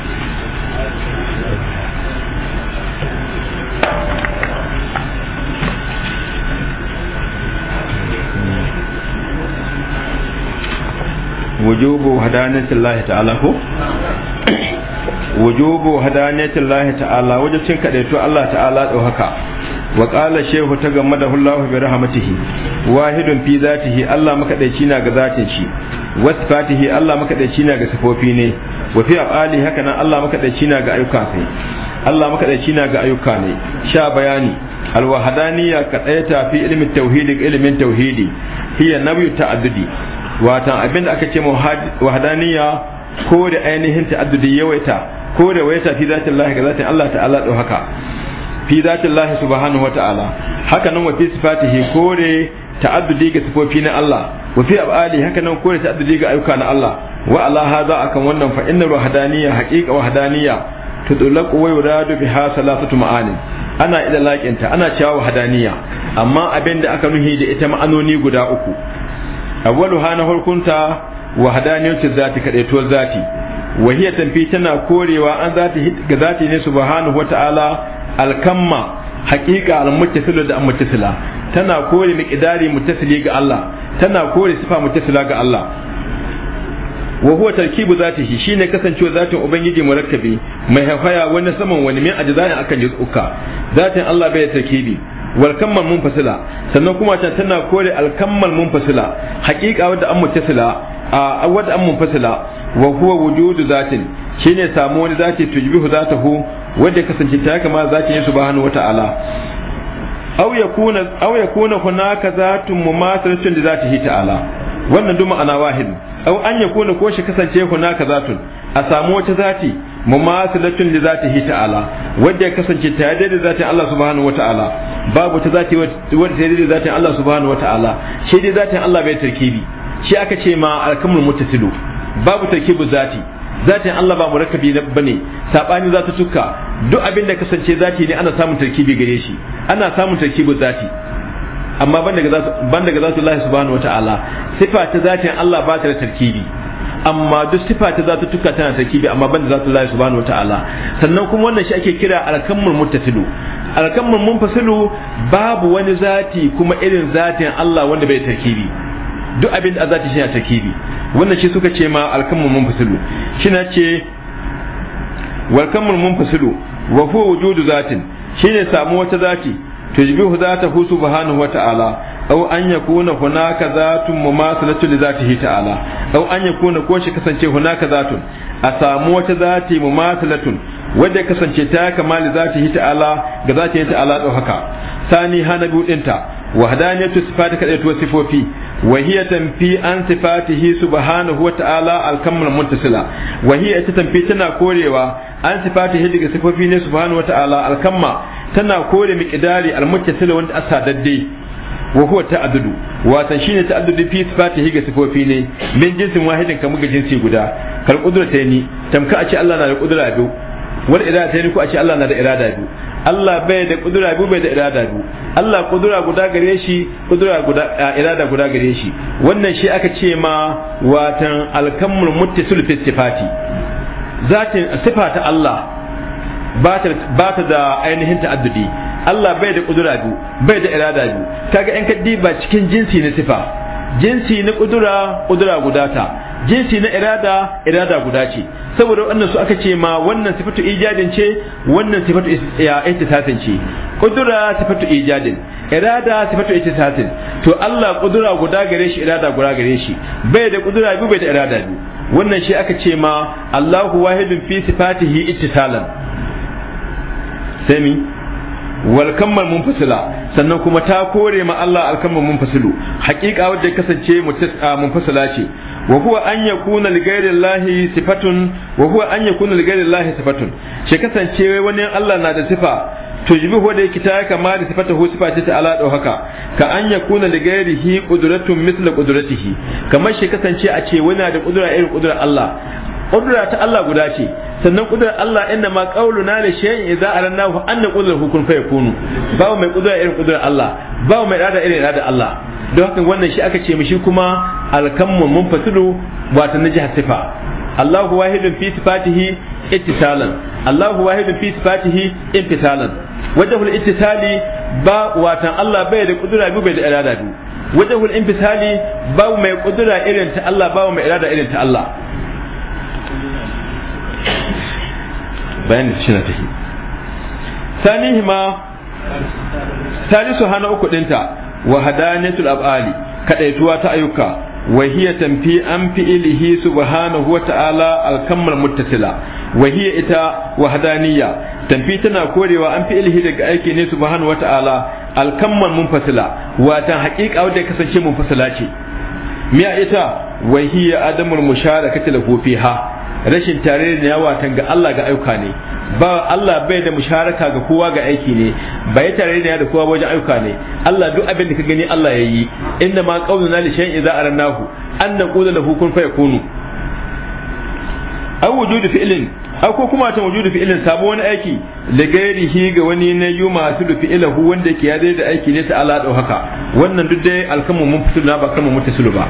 wujubu hadaniyatillahi ta'ala ko wujubu hadaniyatillahi ta'ala wajibcin kadaito Allah ta'ala do haka wa qala shehu ta game da Allahu bi rahmatihi wahidun fi zatihi Allah makadaici na ga zatin shi wa sifatihi Allah makadaici na ga sifofi ne wa fi afali haka nan Allah makadaici na bayani alwahadaniya ilmin ilimin tauhidi hiya watan abin da aka ce mu wahadaniya ko da ainihin ta'addudi yawaita ko da waita fi zatin Allah ga zatin Allah ta'ala do haka fi zatin Allah subhanahu wata'ala haka nan wa fi sifatihi ko da ta'addudi ga sifofi na Allah wa fi abali haka nan ko da ta'addudi ga ayyuka na Allah wa ala hadha akan wannan fa inna wahadaniya haqiqa wahadaniya tudlaqu wa yuradu biha salasatu ma'anin ana ila laƙinta ana cewa wahadaniya amma abin da aka nuhi da ita ma'anoni guda uku awwaluha na farkunta wahdaniyatu zati kadaituwar zati wa hiya tanfi tana korewa an zati ga zati ne subhanahu wata'ala alkamma haqiqa almuttasila da almuttasila tana kore miqdari muttasili ga Allah tana kore sifa muttasila ga Allah wa huwa tarkibu zatihi shine kasancewa zatin ubangiji murakkabi mai hafaya wani saman wani min ajza'in akan jukka zatin Allah bai tarkibi wal kammal munfasila sannan kuma ta tana kore al kammal munfasila haqiqa wadda an muttasila a wanda an munfasila wa huwa wujudu zatin shine samu wani zati tujbihu zatahu wadda kasance ta kama zatin ya subhanahu wata'ala aw yakuna aw yakuna hunaka zatun mumathalatun li zatihi ta'ala wannan duma ana wahid aw an yakuna ko shi kasance hunaka zatun a samu wata zati mumasilatun li zatihi ta'ala wanda ya kasance ta yadda da zatin Allah subhanahu wata'ala babu ta zati wadda ta yadda da zatin Allah subhanahu wata'ala shi dai zatin Allah bai tarkibi shi aka ce ma alkamul muttasilu babu tarkibu zati zatin Allah ba murakkabi bane sabani zata tukka duk abin da kasance zati ne ana samun tarkibi gare shi ana samun tarkibu zati amma ban daga zatu Allah subhanahu wata'ala sifa ta zatin Allah ba ta da tarkibi amma duk sifa ta zata tuka tana tarkibi amma banda zatu Allah subhanahu wataala sannan kuma wannan shi ake kira alkamul muttasilu alkamul munfasilu babu wani zati kuma irin zatin Allah wanda bai tarkibi duk abin da zati shi na tarkibi wannan shi suka ce ma alkamul munfasilu shi na ce walkamul munfasilu wa huwa wujudu zatin shine samu wata zati tujbihu zatahu subhanahu wataala aw an yakuna hunaka zatun mumasalatu li zatihi ta'ala aw an yakuna ko shi kasance hunaka zatun a wata zati wadda kasance ta kama li zatihi ta'ala ga zatihi ta'ala do haka sani hana budinta wahdaniyatu sifati kadaitu sifofi وهي تنفي عن صفاته سبحانه وتعالى الكمل المتصلة وهي تنفي تنا كوريوا عن صفاته دغ صفوفي سبحانه وتعالى الكمل تنا كوري مقداري المتصلة وانت أساددي wa huwa ta'addudu ta shine ta'addudu fi sifati higa sifofi ne min jinsin wahidin kamar ga jinsi guda kal ni tamka a ce Allah na da qudra biyu wal ni ko a ce Allah na da irada biyu Allah bai da kudura biyu bai da irada biyu Allah kudura guda gare shi kudura guda irada guda gare shi wannan shi aka ce ma watan alkamul muttasil fi sifati zatin sifata Allah ba ta da ainihin ta'addudi Allah bai da kudura biyu bai da irada biyu kaga in ka diba cikin jinsi na sifa jinsi na kudura kudura guda ta jinsi na irada irada guda ce saboda wannan su aka ce ma wannan sifatu ijadin ce wannan sifatu ya ihtisasin ce kudura sifatu ijadin irada sifatu ihtisasin to Allah kudura guda gare shi irada guda gare shi bai da kudura biyu bai da irada biyu wannan shi aka ce ma Allahu wahidun fi sifatihi ittisalan sai wal kammal munfasila sannan kuma ta kore ma Allah al kammal munfasilu haqiqa wanda ya kasance munfasila ce wa huwa an yakuna li ghairi sifatun wa huwa an yakuna li ghairi Allah na da sifa tujbihu da yake ta kama da sifatahu sifati ta ala dau haka ka an yakuna li ghairihi qudratun mithla qudratihi kamar shi kasance a ce da kudura irin kudura Allah kudura ta Allah guda ce sannan kudura Allah inna ma qauluna li shay'in idza arannahu an naqulu lahu kun fayakunu bawo mai kudura irin kudura Allah Babu mai irada irin irada Allah don haka wannan shi aka ce mishi kuma mun munfasilu wato na jihar sifa Allahu wahidun fi sifatihi ittisalan Allahu wahidun fi sifatihi infisalan wajhul ittisali ba watan Allah bai da kudura biyu bai da irada biyu wajhul infisali ba mai kudura irin ta Allah ba mai irada irin ta Allah bayan shi na tahi uku dinta wa abali kadaituwa ta ayyuka wa hiya tana korewa an fi'ilihi daga aiki ne subhanahu wa watan haƙiƙa wadda kasance ce ita rashin tare da yawa ga Allah ga ayyuka ne ba Allah bai da musharaka ga kowa ga aiki ne bai tare da da kowa wajen ayyuka ne Allah duk abin da ka gani Allah ya yi inda ma qauluna li shay'in idza arannahu an naqulu lahu kun kunu. aw wujudu fi'lin aw ko kuma ta wujudu fi'lin sabo wani aiki da shi ga wani na yuma su da fi'lahu wanda ke ya da aiki ne ta ala dau haka wannan duk dai alkamu mun fitu na ba kamar mutasulu ba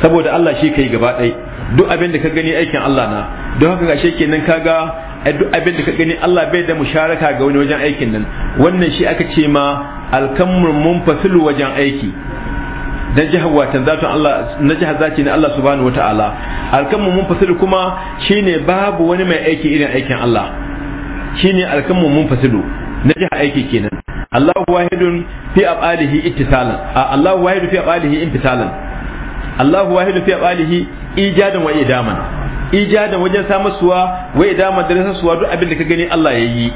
saboda Allah shi kai gaba ɗaya duk abin da ka gani aikin Allah na don haka gashe kenan kaga eh, duk abin da ka gani Allah bai da musharaka ga wani wajen aikin nan wannan shi aka ce ma alkamur munfasilu wajen aiki na jihar watan zatun Allah na jihar zaki na Allah subhanahu wataala mun munfasilu kuma shine babu wani mai aiki irin aikin Allah shine mun munfasilu na jihar aiki kenan Allah wahidun fi afalihi ittisalan Allah wahidun fi afalihi imtisalan Allahu wahidu fi alihi ijadan wa idaman ijadan wajen samusuwa wa idaman da rasasuwa duk abin da ka gani Allah ya yi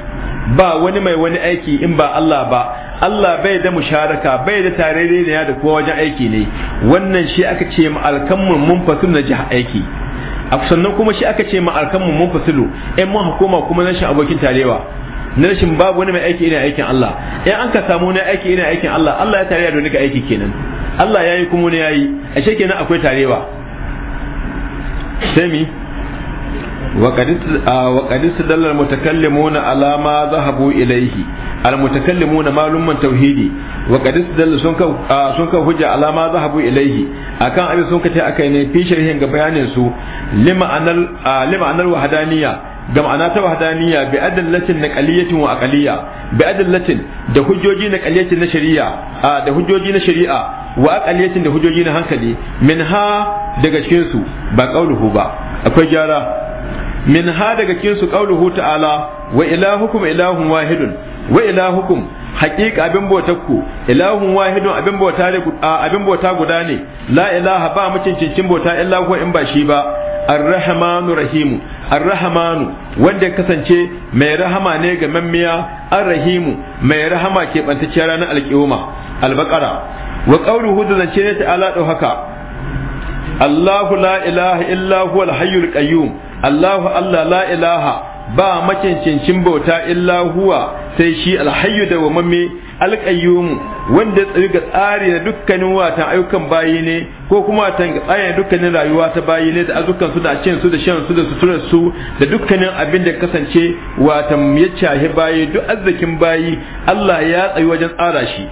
ba wani mai wani aiki in ba Allah ba Allah bai da musharaka bai da tarere ne da kuma wajen aiki ne wannan shi aka ce ma alkamun munfasil na jiha aiki sannan kuma shi aka ce ma mun munfasilu in mun hukuma kuma nan shi abokin tarewa na rashin babu wani mai aiki ina aikin Allah in an ka samu wani aiki ina aikin Allah Allah ya tarewa da wani ka aiki kenan Allah ya yi kuma ne ya yi a shi kenan akwai tarewa sai mi wa kadin su dallar mutakallimu na alama zahabu habu ilaihi almutakallimu na malumman tauhidi wa kadin su dallar sun kan hujja alama za habu ilaihi a kan abin sun kace aka yi ne fi shirhin ga bayanin su lima anar wahadaniya da ma'ana ta wahdaniya bi adallatin naqaliyatin wa aqaliya bi adallatin da hujjoji na qaliyatin na shari'a da hujjoji na shari'a wa aqaliyatin da hujjoji na hankali minha daga cikin su ba qauluhu ba akwai gyara minha daga cikin su qauluhu ta'ala wa ilahukum ilahun wahidun wa ilahukum haƙiƙa abin bautarku ilahun wahidun abin bauta abin bauta guda ne la ilaha ba mutum cincin bauta illa ko in ba shi ba Ar-Rahmanu Rahimu Ar-Rahmanu wanda kasance mai rahama ne ga mammiya Ar-Rahimu mai rahama ke bantacciyar rana alƙiyoma Al-Baqara wa qawluhu da zance ne ta'ala do haka Allahu la ilaha illa huwal hayyul qayyum Allahu Allah la ilaha ba makincincin bauta illa huwa sai shi alhayyu da wamamme alƙayyumu wanda tsari ga tsari na dukkanin watan ayyukan bayi ne ko kuma watan tsari na dukkanin rayuwa ta bayi ne da azukan su da cin su da shan su da suturar su da dukkanin abin da kasance watan ya cahi bayi duk arzikin bayi Allah ya tsayi wajen tsara shi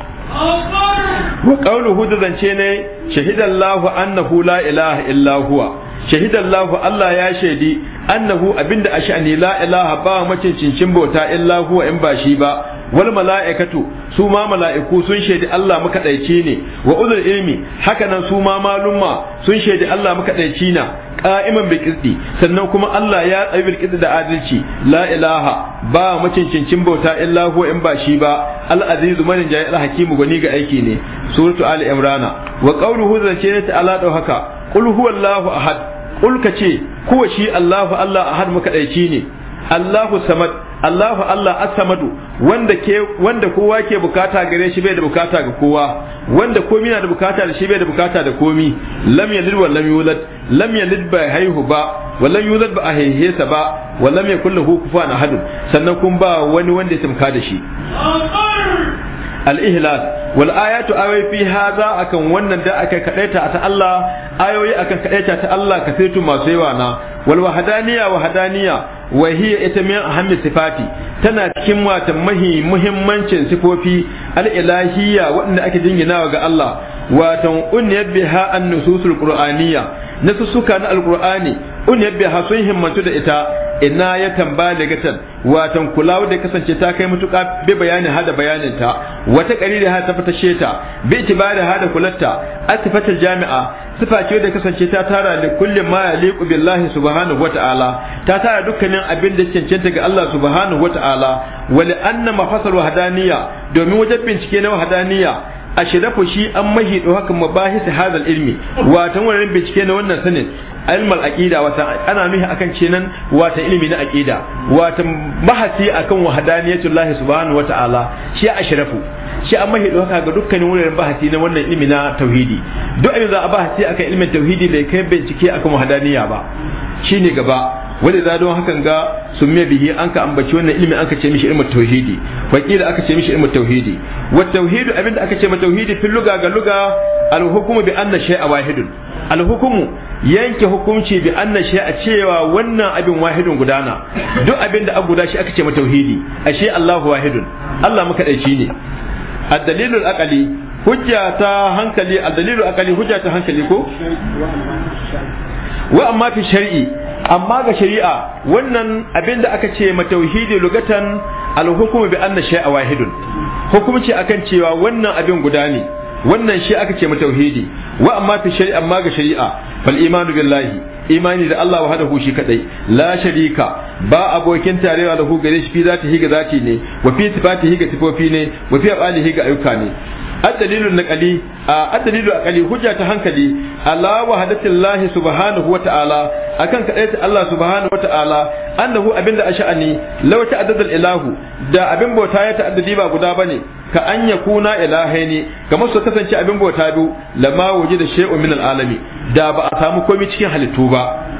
wa qawluhu da zance ne shahidallahu annahu la ilaha illa huwa shahidallahu Allah ya shaidi annahu abinda ashani la ilaha ba mace cincin bauta illa huwa in ba shi ba wal mala'ikatu su ma mala'iku sun shaidi Allah makaɗaici ne wa ulul ilmi haka nan su ma malumma sun shaidi Allah makaɗaici na qa'iman bil qisti sannan kuma Allah ya tsayi bil da adalci la ilaha ba macincincin bauta illa huwa in ba shi ba al aziz manin jayi al hakim gwani ga aiki ne suratu ali imrana wa qawluhu zance ta ala haka qul huwallahu ahad ulka ce kuwa shi Allahu Allah ahad makaɗaici ne Allahu samad Allahu Allah as-samadu wanda ke wanda kowa ke bukata gare shi bai da bukata ga kowa wanda komi na da bukata da shi bai da bukata da komi lam yalid wa lam yulad lam yalid ba haihu ba wa lam yulad ba a sa ba wa lam yakul lahu kufuwan ahad sannan kun ba wani wanda ya tamka da shi al-ihlal wal ayatu awai fi hadha akan wannan da aka kadaita ta Allah ayoyi akan kadaita ta Allah kasaitu masu yawa na wal wahdaniya wahdaniya wa hiya ita min ahammi sifati tana cikin wata mahi muhimmancin sifofi al-ilahiyya wanda ake jinginawa ga Allah watan biha an-nususul qur'aniyya nasu suka na al-qur'ani un yabbiha sun himmantu da ita ina ya tamba ligatan watan kulawa da kasance ta kai mutuka bi bayanin hada bayanin ta wata karira ha ta fitashe ta bi itibari hada kulatta asifatul jami'a sifa ce da kasance ta tara da kullum ma yaliqu billahi subhanahu wata'ala ta tara dukkanin abin da cancanta ga Allah subhanahu wata'ala wal anna mafasalu hadaniya domin wajen bincike na hadaniya ashrafu shi an mahido haka mabahis hadal ilmi watan wannan bincike na wannan sanin ilmal aqida wata ana nuhi akan nan wata ilmi na aqida wata bahasi akan wahdaniyatullahi subhanahu wataala shi ashrafu shi an mahido haka ga dukkanin wuraren bahasi na wannan ilmi na tauhidi duk abin za a bahasi akan ilmin tauhidi bai kai bincike akan wahadaniya ba shine gaba Wani da don hakan ga summe bihi an ka ambaci wannan ilmin an ka ce mishi ilmin tauhidi fakila aka ce mishi ilmin tauhidi wa tauhidu abinda aka ce ma tauhidi fil luga ga luga al hukumu bi anna shay'a wahidun al hukumu yanke hukunci bi anna shay'a cewa wannan abin wahidun gudana duk abinda aka guda shi aka ce ma tauhidi ashe Allahu wahidun Allah makadaici ne ad-dalilul الأقلي hujja ta hankali a dalilu akali hujja ta hankali ko wa amma fi shari'i amma ga shari'a wannan abin da aka ce matauhidi lugatan alhukumu bi anna shay'a wahidun hukunci akan cewa wannan abin guda ne wannan shi aka ce matauhidi wa amma fi shari'a amma ga shari'a fal imanu billahi imani da Allah wahdahu shi kadai la sharika ba abokin tarewa da hu gare shi fi zati higa zati ne wa fi sifati higa sifofi ne wa fi afalihi ga ayyuka ne ad-dalilu naqali ad-dalilu aqali hujja ta hankali ala wahadatillahi subhanahu wa ta'ala akan kadaita Allah subhanahu wa ta'ala annahu abinda asha'ani law ta'addada ilahu da abin bota ya ta'addadi ba guda bane ka an kuna ilahaini kamar su kasance abin bota biyu lama da shay'un min alami da ba a samu komai cikin halittu ba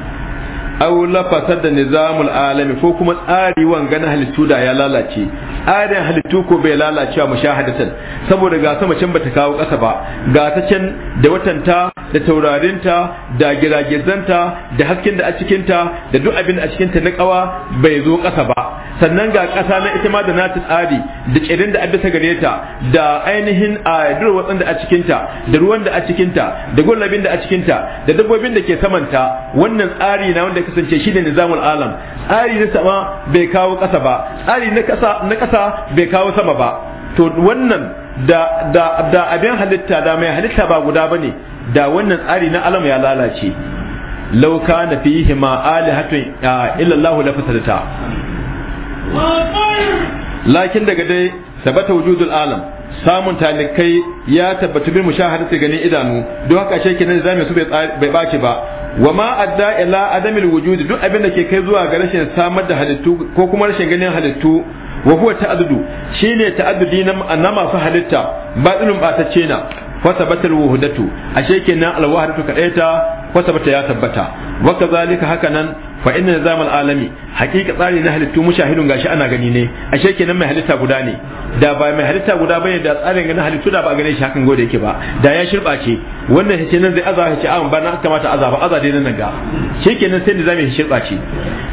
aw lafasar da nizamul alami ko kuma tsari wanga na halittu da ya lalace tsarin halittu ko bai lalace sha mushahadatan saboda ga sama can bata kawo kasa ba ga ta can da watanta da taurarinta da giragizanta da hasken da a cikinta da duk abin a cikinta na kawa bai zo kasa ba sannan ga ƙasa na ita ma da nata tsari da ƙirin da abisa gare ta da ainihin a durwatsan da a cikinta da ruwan da a cikinta da gullabin da a cikinta da dabbobin da ke samanta wannan tsari na wanda kasance shi ne nizamul alam tsari na sama bai kawo ƙasa ba tsari na ƙasa bai kawo sama ba to wannan da abin halitta da mai halitta ba guda ba ne da wannan tsari na alam ya lalace law kana fihi ma alihatun illallahu la lakin daga dai sabata wujudul alam samun talikai ya tabbata bil mushahada gani ganin idanu don haka shi kenan zamu su bai baki ba wa ma adda ila adamil wujud duk abin da ke kai zuwa ga rashin samar da halittu ko kuma rashin ganin halittu wa huwa ta'addudu shine ta'addudi na masu halitta batilun batacce na fasabatul wuhdatu ashe kenan alwahdatu kadaita fasabata ya tabbata wa kazalika haka nan fa inna nizam alalami haqiqa tsari na halittu mushahidun gashi ana gani ne ashe kenan mai halitta guda ne da ba mai halitta guda bane da tsarin ganin halittu da ba gane shi hakan gode yake ba da ya shirbace wannan shi nan zai azaba shi an ah, ba na kamata azaba azaba dai nan ga shi kenan sai nizami shi shirbace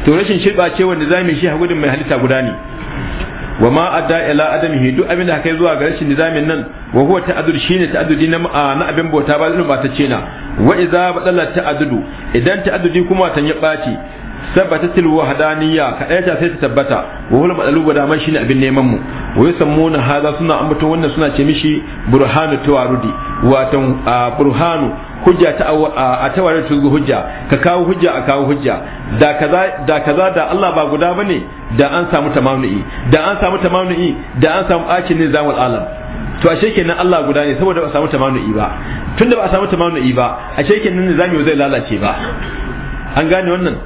to rashin shirbace wanda nizami shi hagudin mai halitta guda ne wa ma adda ila adamihi duk abin da kai zuwa ga rashin nizamin nan wa huwa ta'addud shine ta'addudi na na abin bota ba zan bata ce na wa idza badalla ta'addudu idan ta'addudi kuma ta ya baci sabatatil wahdaniyya ta sai ta tabbata wa hul madalu da man shine abin neman mu wa yusammuna hadha suna ambata wannan suna ce mishi burhanu tawarudi watan burhanu hujja ta a tawar tugu hujja ka kawo hujja a kawo hujja da kaza da kaza da Allah ba guda bane da an samu tamamu'i da an samu tamamu'i da an samu akin nizamul alam to ashe kenan Allah guda ne saboda ba a samu tamamu'i ba tunda ba a samu tamamu'i ba ashe kenan nizami zai lalace ba an gane wannan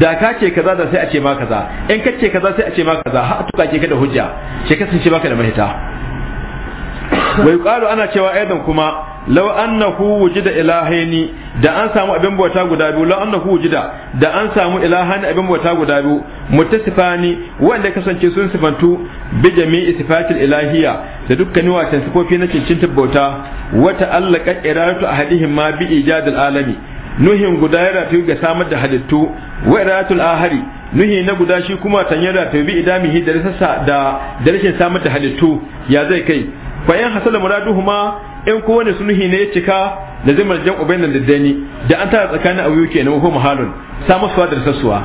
da ka ce kaza da sai a ce ma kaza in ka ce kaza sai a ce ma kaza har tuka ke ka da hujja ce kasance baka da mahita wai qalu ana cewa aidan kuma law annahu wujida ilahaini da an samu abin bauta guda biyu law annahu wujida da an samu ilahaini abin bauta guda biyu mutasifani wanda kasance sun sifantu bi jami'i sifatil ilahiyya da dukkanin watan sifofi na cincin bauta wa ta'allaqa iradatu ahadihim ma bi ijadil alami nuhin guda ya rafi ga samar da halittu wa iratul ahari nuhi na guda shi kuma tanyar rafi bi idamihi da rashin samar da halittu ya zai kai fa in hasala muraduhuma in wani sulhi ne ya cika da zai marjan ubainan da dani da an tara tsakanin a ke na wuhu muhalun samu suwa da sassuwa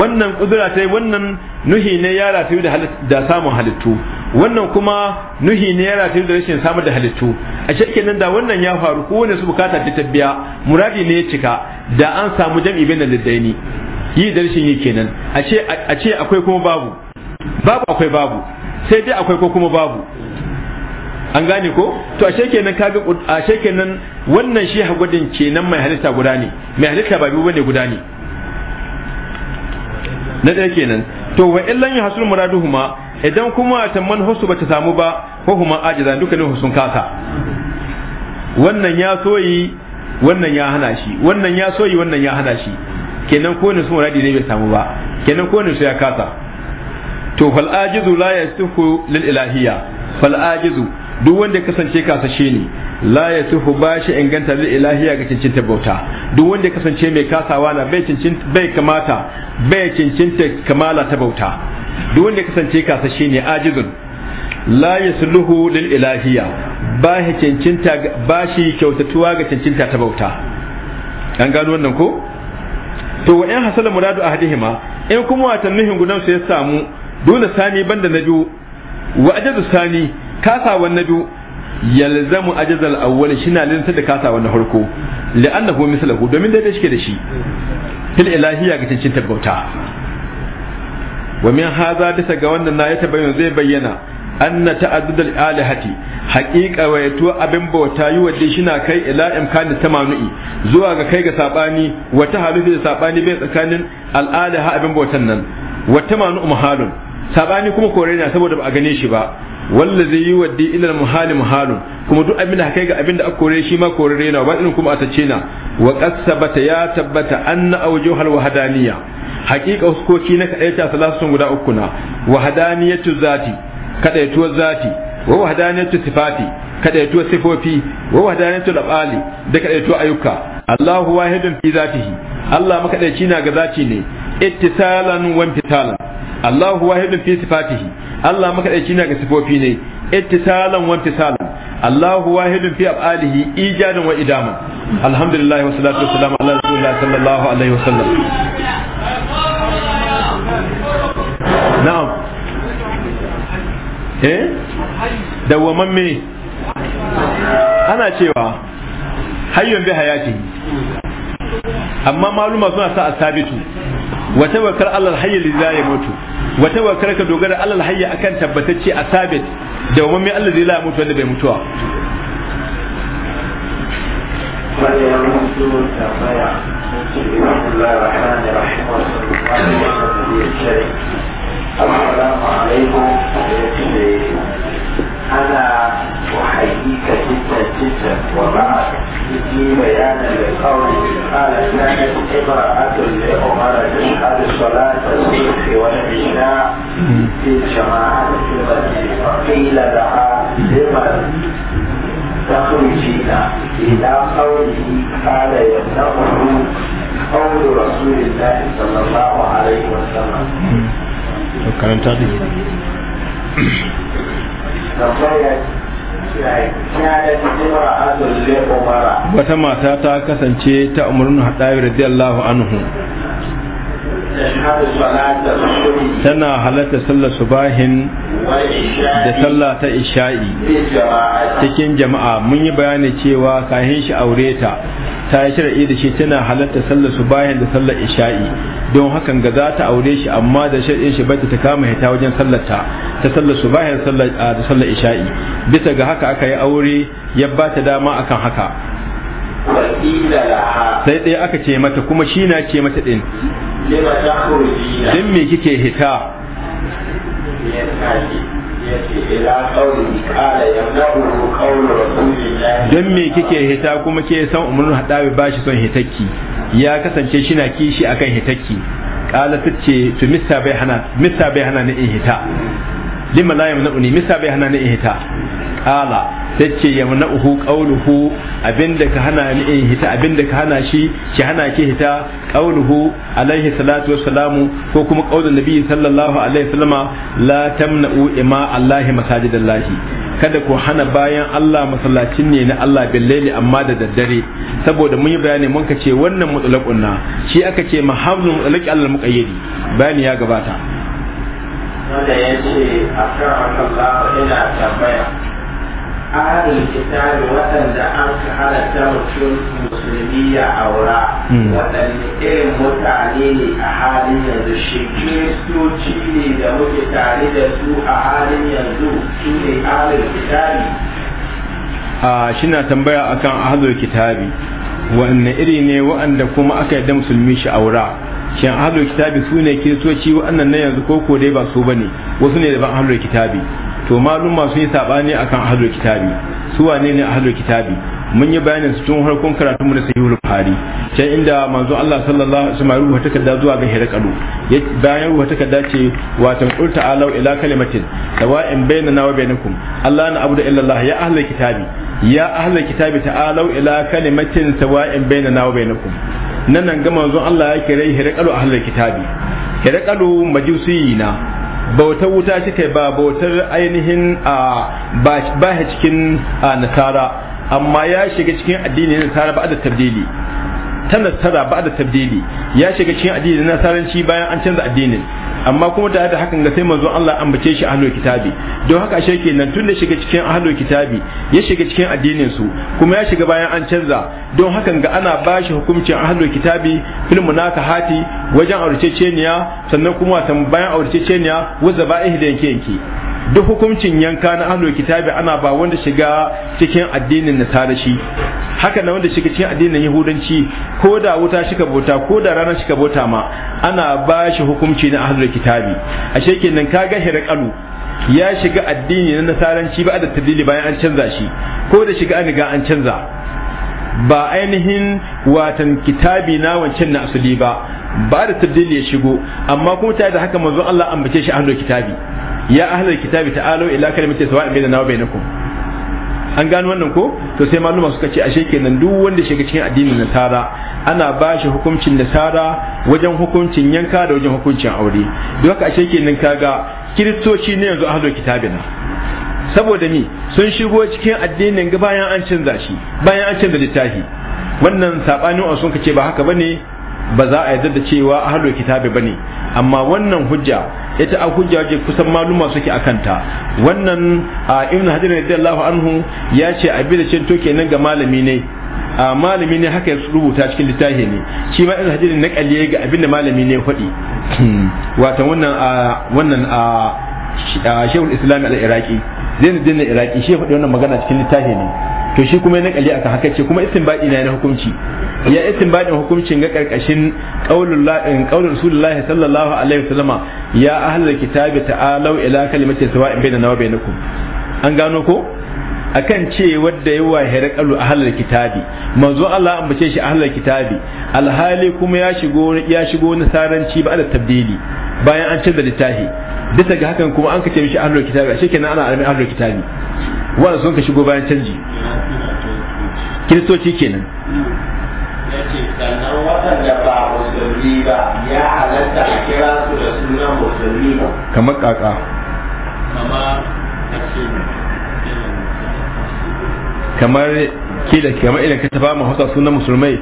wannan kudura ta wannan nuhi ne ya ratayu da samun halittu wannan kuma nuhi ne ya ratayu da rashin samar da halittu a shekin nan da wannan ya faru ko wani su bukata ta tabbiya muradi ne ya cika da an samu jam'i bin da dani yi da rashin yi kenan a ce akwai kuma babu babu akwai babu sai dai akwai ko kuma babu an gane ko to ashe kenan kaga ashe kenan wannan shi hagwadin kenan mai halitta guda ne mai halitta ba biyu bane guda ne na ɗaya kenan to wa illan ya hasul muraduhuma idan kuma man husu bata samu ba ko huma ajizan dukkanin husun kasa wannan ya soyi wannan ya hana shi wannan ya soyi wannan ya hana shi kenan ko ne su muradi ne bai samu ba kenan ko ne su ya kasa to fal ajizu la yastihu lil ilahiyya fal ajizu duk wanda ya kasance kasashe ne la ya tuhu ba shi inganta lil ilahiya ga cincinta bauta duk wanda ya kasance mai kasawa na bai bai kamata bai cincinta kamala ta bauta duk wanda ya kasance kasashe ne ajizun la yasluhu lil ilahiya ba shi cincinta ba shi kyautatuwa ga cincinta ta bauta an gano wannan ko to wa in hasala muradu ahadihima in kuma watan nuhin gudan su ya samu dole sani banda na biyu wa ajadu sani kasawan na biyu yalzamu ajazal awwal shina lintar da kasawan na farko li'annahu mislahu domin dai shi ke da shi fil ilahiyya ga cincin tabbauta wa min hadha bisa ga wannan na ya zai bayyana anna ta'addudal alihati haqiqa wa yato abin bauta yi shi shina kai ila imkani tamanu'i zuwa ga kai ga sabani wa ta halufi da sabani bai tsakanin al'alaha abin bautan nan wa tamanu'u mahalun sabani kuma kore ne saboda ba a gane shi ba wanda zai yi waddi ilal muhali muhalun kuma duk abin da kai ga abin da aka kore shi ma kore rena ba irin kuma a tace na wa qasabata ya tabbata anna awjuhal wahdaniyya haqiqa huskoki na kadaita salasun guda uku na wahdaniyatu zati kadai tuwa zati wa wahdaniyatu sifati tuwa sifofi wa wahdaniyatu labali da kadai tuwa ayyuka Allahu wahidun fi zatihi Allah makadaici na ga zati ne ittisalan wa infisalan Allahu wahidun fi sifatihi Allah maka dai na ga sifofi ne ittisalan wa ittisalan Allah wahidun fi af'alihi ijadan wa idaman alhamdulillah wa salatu wa salam ala rasulillah sallallahu alaihi wa sallam na'am eh dawaman me ana cewa hayyun bi hayati amma maluma suna sa asabitu wa tawakkal ala alhayy alladhi la yamutu wa tawakkal ka dogara alal hayya akan tabbatacce a sabit da wamman Allah zai la mutu wanda bai mutuwa السلام عليكم أنا أحييك جدا جدا وبعد في بيان للقول قال ثاني قراءة لعمر تشهد صلاة الصبح والعشاء في الجماعة المسجد فقيل لها لمن تخرجين إلى قوله قال يمنعه قول رسول الله صلى الله عليه وسلم. wata mata ta kasance ta umarnu haɗawi radiyallahu anhu tana halatta sallar subahin da sallah ta isha'i cikin jama'a mun yi bayani cewa kahin shi aure ta ta yi shir'i da shi tana halatta sallar subahin da sallar isha'i don hakan ga za ta aure shi amma da shir'in shi bata ta kama hita wajen sallar ta ta sallar subahin da sallar isha'i bisa ga haka aka yi aure ya ba ta dama akan haka sai ɗaya aka ce mata kuma shi na ce mata ɗin din me kike hita don me kike hita kuma ke san umarnin haɗawi ba shi son hitakki ya kasance shi na kishi akan hitakki ƙala ta ce to mista bai hana ni in hita lima na yamna'uni mista bai hana ni in hita ƙala tace uhu qauluhu abinda ka hana ni in hita abinda ka hana shi ki hana ki hita qauluhu alaihi salatu wassalamu ko kuma qawlun nabi sallallahu alaihi wasallama la tamna'u ima allahi masajidallahi kada ku hana bayan Allah masallacin ne na Allah billaili amma da daddare saboda mun yi bayani mun ka ce wannan mutlaqun na shi aka ce mahamdul mutlaqi Allah muqayyidi bayani ya gabata wanda ya ce a kan Allah ina tambaya ahalin kitabi waɗanda an ka halatta mutum musulmi ya aura waɗanda irin mutane ne a halin yanzu shi kiristoci ne da muke tare da su a halin yanzu su ne halin kitabi a shi na tambaya akan ahalin kitabi wanne iri ne waɗanda kuma aka yarda musulmi shi aura shin ahalin kitabi su ne kiristoci waɗannan na yanzu ko ko dai ba su bane wasu ne da ban ahalin kitabi to malum masu yi sabani akan ahlul kitabi su wane ne ahlul kitabi mun yi bayanin su tun harkon karatu mu da sahihul bukhari can inda manzo Allah sallallahu alaihi wasallam take da zuwa ga hirqalu bayan take da ce wato qul ta'alu ila kalimatin sawa'in bainana wa bainakum Allah na abudu illa Allah ya ahlul kitabi ya ahlul kitabi ta'alu ila kalimatin sawa'in bainana wa bainakum nan nan ga manzo Allah ya kire hirqalu ahlul kitabi hirqalu majusiyina bautar wuta shi kai ba bautar ainihin a ba cikin nasara amma ya shiga cikin addinin nasara ba a da tabdili tanattara ba da tabdili ya shiga cikin addini na nasaranci bayan an canza addinin amma kuma da da hakan ga sai manzo Allah ambace shi ahlul kitabi don haka ashe kenan tun da shiga cikin ahlul kitabi ya shiga cikin addinin su kuma ya shiga bayan an canza don hakan ga ana ba bashi hukuncin ahlul kitabi fil munakahati wajen aurceceniya sannan kuma bayan aurceceniya wazza ba'ih da yanke yanke duk hukuncin yanka na ahlul kitabi ana ba wanda shiga cikin addinin nasara shi haka na wanda shiga cikin addinin yahudanci ko da wuta shika bota ko da rana shika bota ma ana ba shi hukunci na ahlul kitabi ashe kenan kaga hirqalu ya shiga addini na nasaranci ba da tadili bayan an canza shi ko da shiga an riga an canza ba ainihin watan kitabi na wancan na asali ba ba da tabdili ya shigo amma kuma ta da haka manzon Allah ambace shi ahlul kitabi ya ahlul kitabi ta'alu ila kalimati sawa'in bainana wa bainakum an gano wannan ko to sai maluma suka ce ashe kenan duk wanda shiga cikin addinin nasara ana ba shi hukuncin nasara wajen hukuncin yanka da wajen hukuncin aure duk haka ashe kenan kaga kiristoci ne yanzu ahlul kitabina saboda ni sun shigo cikin addinin bayan an canza shi bayan an canza littafi wannan sabanin sun kace ba haka bane ba za a yarda da cewa ahlul kitabi bane amma wannan hujja ita a hujja wace kusan maluma suke akanta wannan ibn hajar radiyallahu anhu ya ce abin da cin toke nan ga malami ne a malami ne haka ya rubuta cikin littafi ne shi ma ibn hajar kalliye ga abin da malami ne faɗi wato wannan wannan a shehul islam al-iraqi zainuddin al-iraqi shi faɗi wannan magana cikin littafi ne to shi kuma na kali aka haka ce kuma istinbadi na na hukunci ya istinbadin hukuncin ga karkashin qaulullahi eh, qaulur rasulullah sallallahu alaihi wasallama ya ahlul kitabi ta'alu ila kalimati sawa'in bainana wa bainakum an gano ko akan ce wadda ya wahira kalu ahlul kitabi manzo Allah an bace shi ahlul kitabi alhali kuma ya shigo ya shigo nasaranci ba da tabdili bayan an canza littafi bisa ga hakan kuma an kace mishi ahlul kitabi ashe kenan ana alamin ahlul kitabi wanda sun ka shigo bayan canji kiristoci kenan sannan waɗanda ba musulmi ba ya halatta a kira su da sunan musulmi ba kamar kaka kamar kila kamar idan ka tafa ma hausa sunan musulmai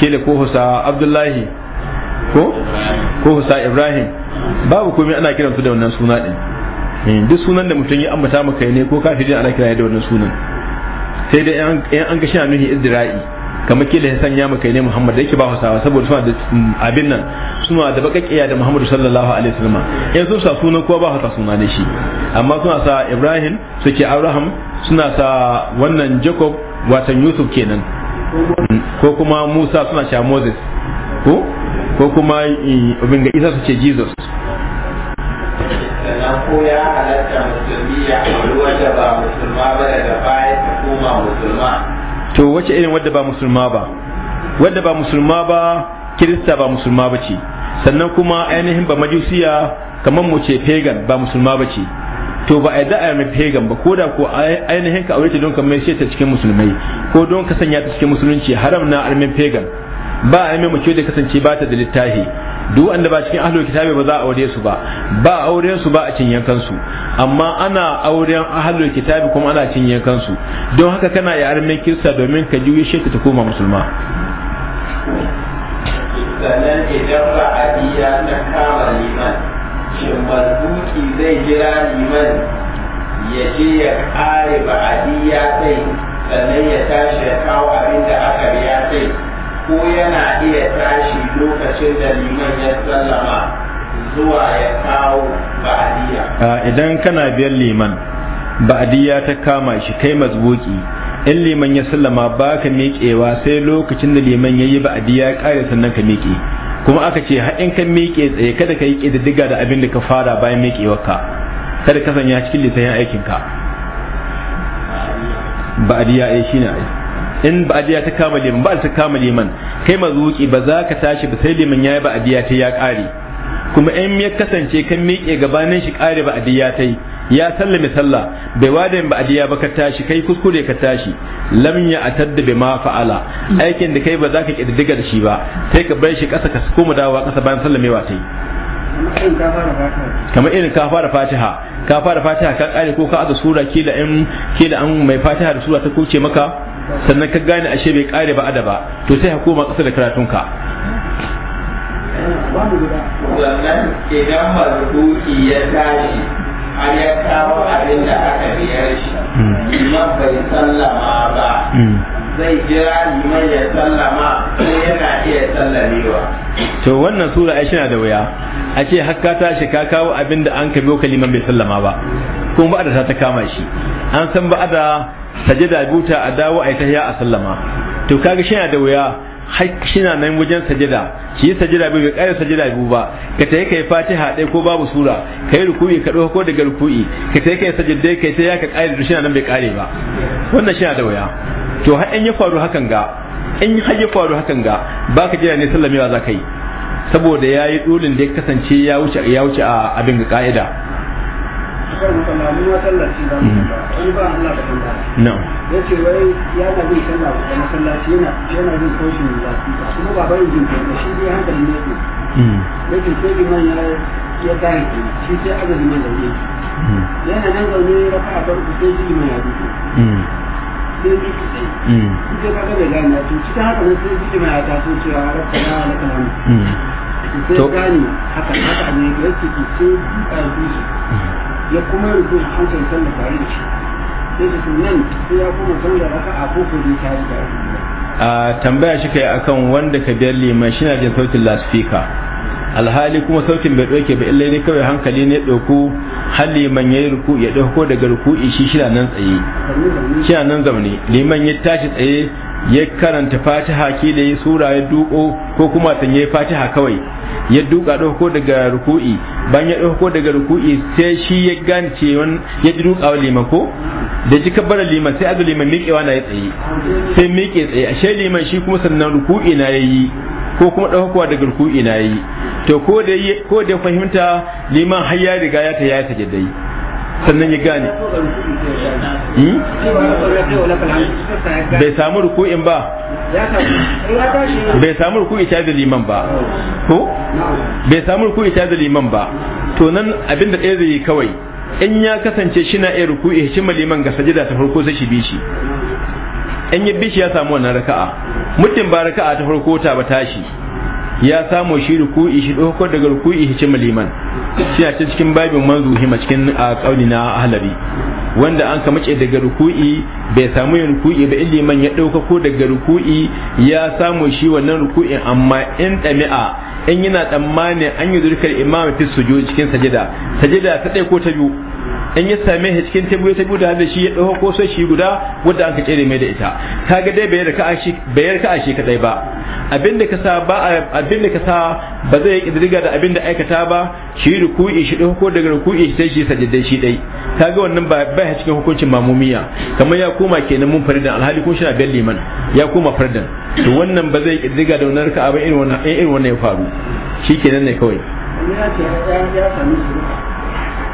kila ko hausa abdullahi ko ko hausa ibrahim babu komai ana kiransu da wannan suna din Eh, duk sunan da mutum ya ambata maka ne ko kafiri ana kira da wannan sunan sai dai in an ga shi nuhi izdira'i kamar ke da sanya maka ne Muhammad da yake ba Hausawa saboda suna da mm, abin nan suna da bakakkiya da Muhammadu sallallahu alaihi wasallam in sun sa sunan ko ba Hausa suna ne shi amma suna sa Ibrahim suke Abraham suna sa wannan Jacob watan Yusuf kenan mm, ko kuma Musa suna cewa Moses ko ko kuma eh, abin ga Isa suke Jesus farko ya halatta musulmi ya auri wadda ba musulma ba daga baya ta koma musulma to wace irin wadda ba musulma ba wadda ba musulma ba kirista ba musulma ba ce sannan kuma ainihin ba majusiya kamar mu ce pagan ba musulma ba ce to ba a yi da'a mai pagan ba ko da ko ainihin ka aure ta don ka mai ta cikin musulmai ko don ka sanya ta cikin musulunci haram na armin pagan ba a mai mace da kasance ba ta da littafi duk wanda ba cikin ahlul kitabi ba za a aure su ba ba auren su ba a cin yankan su amma ana auren ahlul kitabi kuma ana cin yankan su don haka kana ya arme kirsa domin ka juye shi ta koma musulma sannan idan ba a iya kama liman shin mazduki zai jira liman ya ce ya kare ba a iya sai sannan ya tashi ya kawo abin da aka biya sai ko yana iya tashi lokacin da liman ya sallama zuwa ya kawo ba'adiyya idan kana biyan liman ba'adiyya ta kama shi kai mazbuki in liman ya sallama ba ka miƙewa sai lokacin da liman ya yi ba'adiyya ƙare sannan ka miƙe kuma aka ce in kan miƙe tsaye kada ka yi ƙididdiga da abin da ka fara bayan miƙewarka kada ka sanya cikin aikin aikinka ba'adiyya ai eh, shine ai in adiya ta kama liman ba ta kama liman kai mazuki ba za ka tashi ba sai liman yayi adiya ta ya kare kuma in ya kasance kan miƙe gabanin shi kare adiya ta yi ya sallame sallah bai wada ba adiya ba ka tashi kai kuskure ka tashi lam ya atadda bi ma fa'ala aikin da kai ba za ka kididdiga da shi ba sai ka bar shi kasa ka koma dawowa kasa bayan sallamewa ta yi kamar irin ka fara fatiha ka fara fatiha ka kare ko ka aza sura kila in kila an mai fatiha da sura ta kuce maka sannan ka gane ashe bai kare ba adaba to sai ka kasa da karatunka sannan idan mazuki ya tashi har ya kawo abin da aka biyar shi imam bai sallama ba zai jira liman ya sallama ko yana iya sallamewa to wannan sura ai shina da wuya a ce har ta tashi ka kawo abin da an ka biyo ka bai sallama ba kuma ba'ada ta ta kama shi an san ba'ada sajada buta a dawo a yi tahiya a sallama to kaga shi da wuya shi na nan wajen sajada shi yi sajada bai bai ƙara sajada biyu ba ka tayi kai fatiha dai ko babu sura ka yi ruku'i ka ɗauka ko daga ruku'i ka tayi kai sajada kai ta ya ka kai da shi na nan bai kare ba wannan shi da wuya to har in ya faru hakan ga in har ya faru hakan ga ba ka jira ne sallamewa za ka yi saboda ya yi ɗolin da ya kasance ya wuce ya wuce a abin ga ƙa'ida no ya ce wai yana bin sallah da masallaci yana yana bin koshin zafi kuma ba barin jin kai shi hankali ne ke yake sai liman ya ya tayi shi sai aka zama zaune yana nan ne ya fara sai shi liman ya duke sai ki sai sai ka ga da gani ya cikin haka nan sai ya taso cewa rabbana sai gani haka haka ne yake sai ya kuma rufe rubu hankali kan da tare da shi sai da nan sai ya kuma canza raka raka'a ko ta yi tare da a tambaya shi kai akan wanda ka biyar liman shi na jin sautin lasfika alhali kuma sautin bai ɗauke ba illai ne kawai hankali ne ɗauku har liman ya yi ruku ya ɗauko daga ruku shi shi nan tsaye shi nan zamani liman ya tashi tsaye ya karanta fatiha da ya sura ya duko ko kuma san ya fatiha kawai ya duka dauko daga ruku'i ban ya dauko daga ruku'i sai shi ya gance cewan ya ji duka liman ko da ji kabbara liman sai azu liman miƙewa na ya tsaye sai miƙe tsaye ashe liman shi kuma sannan ruku'i na yayi ko kuma daukowa daga ruku'i na yayi to ko da ko da fahimta liman har ya riga ya ta ya jaddai. sannan ya gane hmm? bai samu ruku'in ba bai samu ruku'i ta da liman ba ko bai samu ruku'i ta da liman ba to nan abin da ɗaya zai yi kawai in ya kasance shi na iya ruku'i shi liman ga sajida ta farko sai shi bi shi in ya bi shi ya samu wannan raka'a mutum ba raka'a ta farko ta ba tashi ya samu shi ruku'i shi ɗaukar daga ruku'i shi liman shi a cikin babin manzuhima hima cikin kauli na ahlari wanda an ka mace daga ruku'i bai samu yin ruku'i ba man ya dauka ko daga ruku'i ya samu shi wannan ruku'i amma in ɗami'a in yana tsammani an yi zurkar imam fi sujud cikin sajida sajida ta ɗaya ko ta biyu in ya same shi cikin tabu ta da da shi ya dawo ko sai shi guda wanda aka kere mai da ita kaga dai bai raka shi shi kadai ba abinda ka sa ba abinda ka sa ba zai kidriga da abinda aikata ba shi ruku'i shi dawo ko daga ruku'i sai shi sajidai shi dai kaga wannan ba ba cikin hukuncin mamumiya kamar ya koma kenan mun faridan alhali ko shi na bel liman ya koma faridan to wannan ba zai kidriga da wannan raka'a ba irin wannan irin wannan ya faru shikenan ne kawai ya ce ya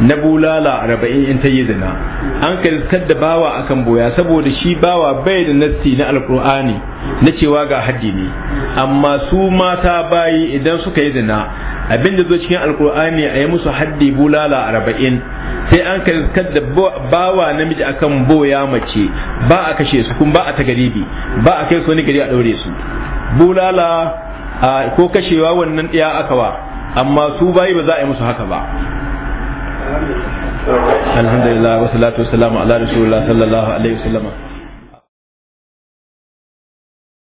na bulala arba'in in ta yi zina an karkar da bawa akan boya saboda shi bawa bai da nasti na alkur'ani na cewa ga haddi ne amma su mata bayi idan suka yi zina abin da zo cikin alkur'ani a yi musu haddi bulala arba'in sai an karkar da bawa namiji akan boya mace ba a kashe su kuma ba a tagaribi ba a kai su wani gari a daure su bulala ko kashewa wannan ɗaya aka wa amma su bayi ba za a yi musu haka ba alhamdulillah wasu salatu wasu ala rasulullah sallallahu alaihi wasallam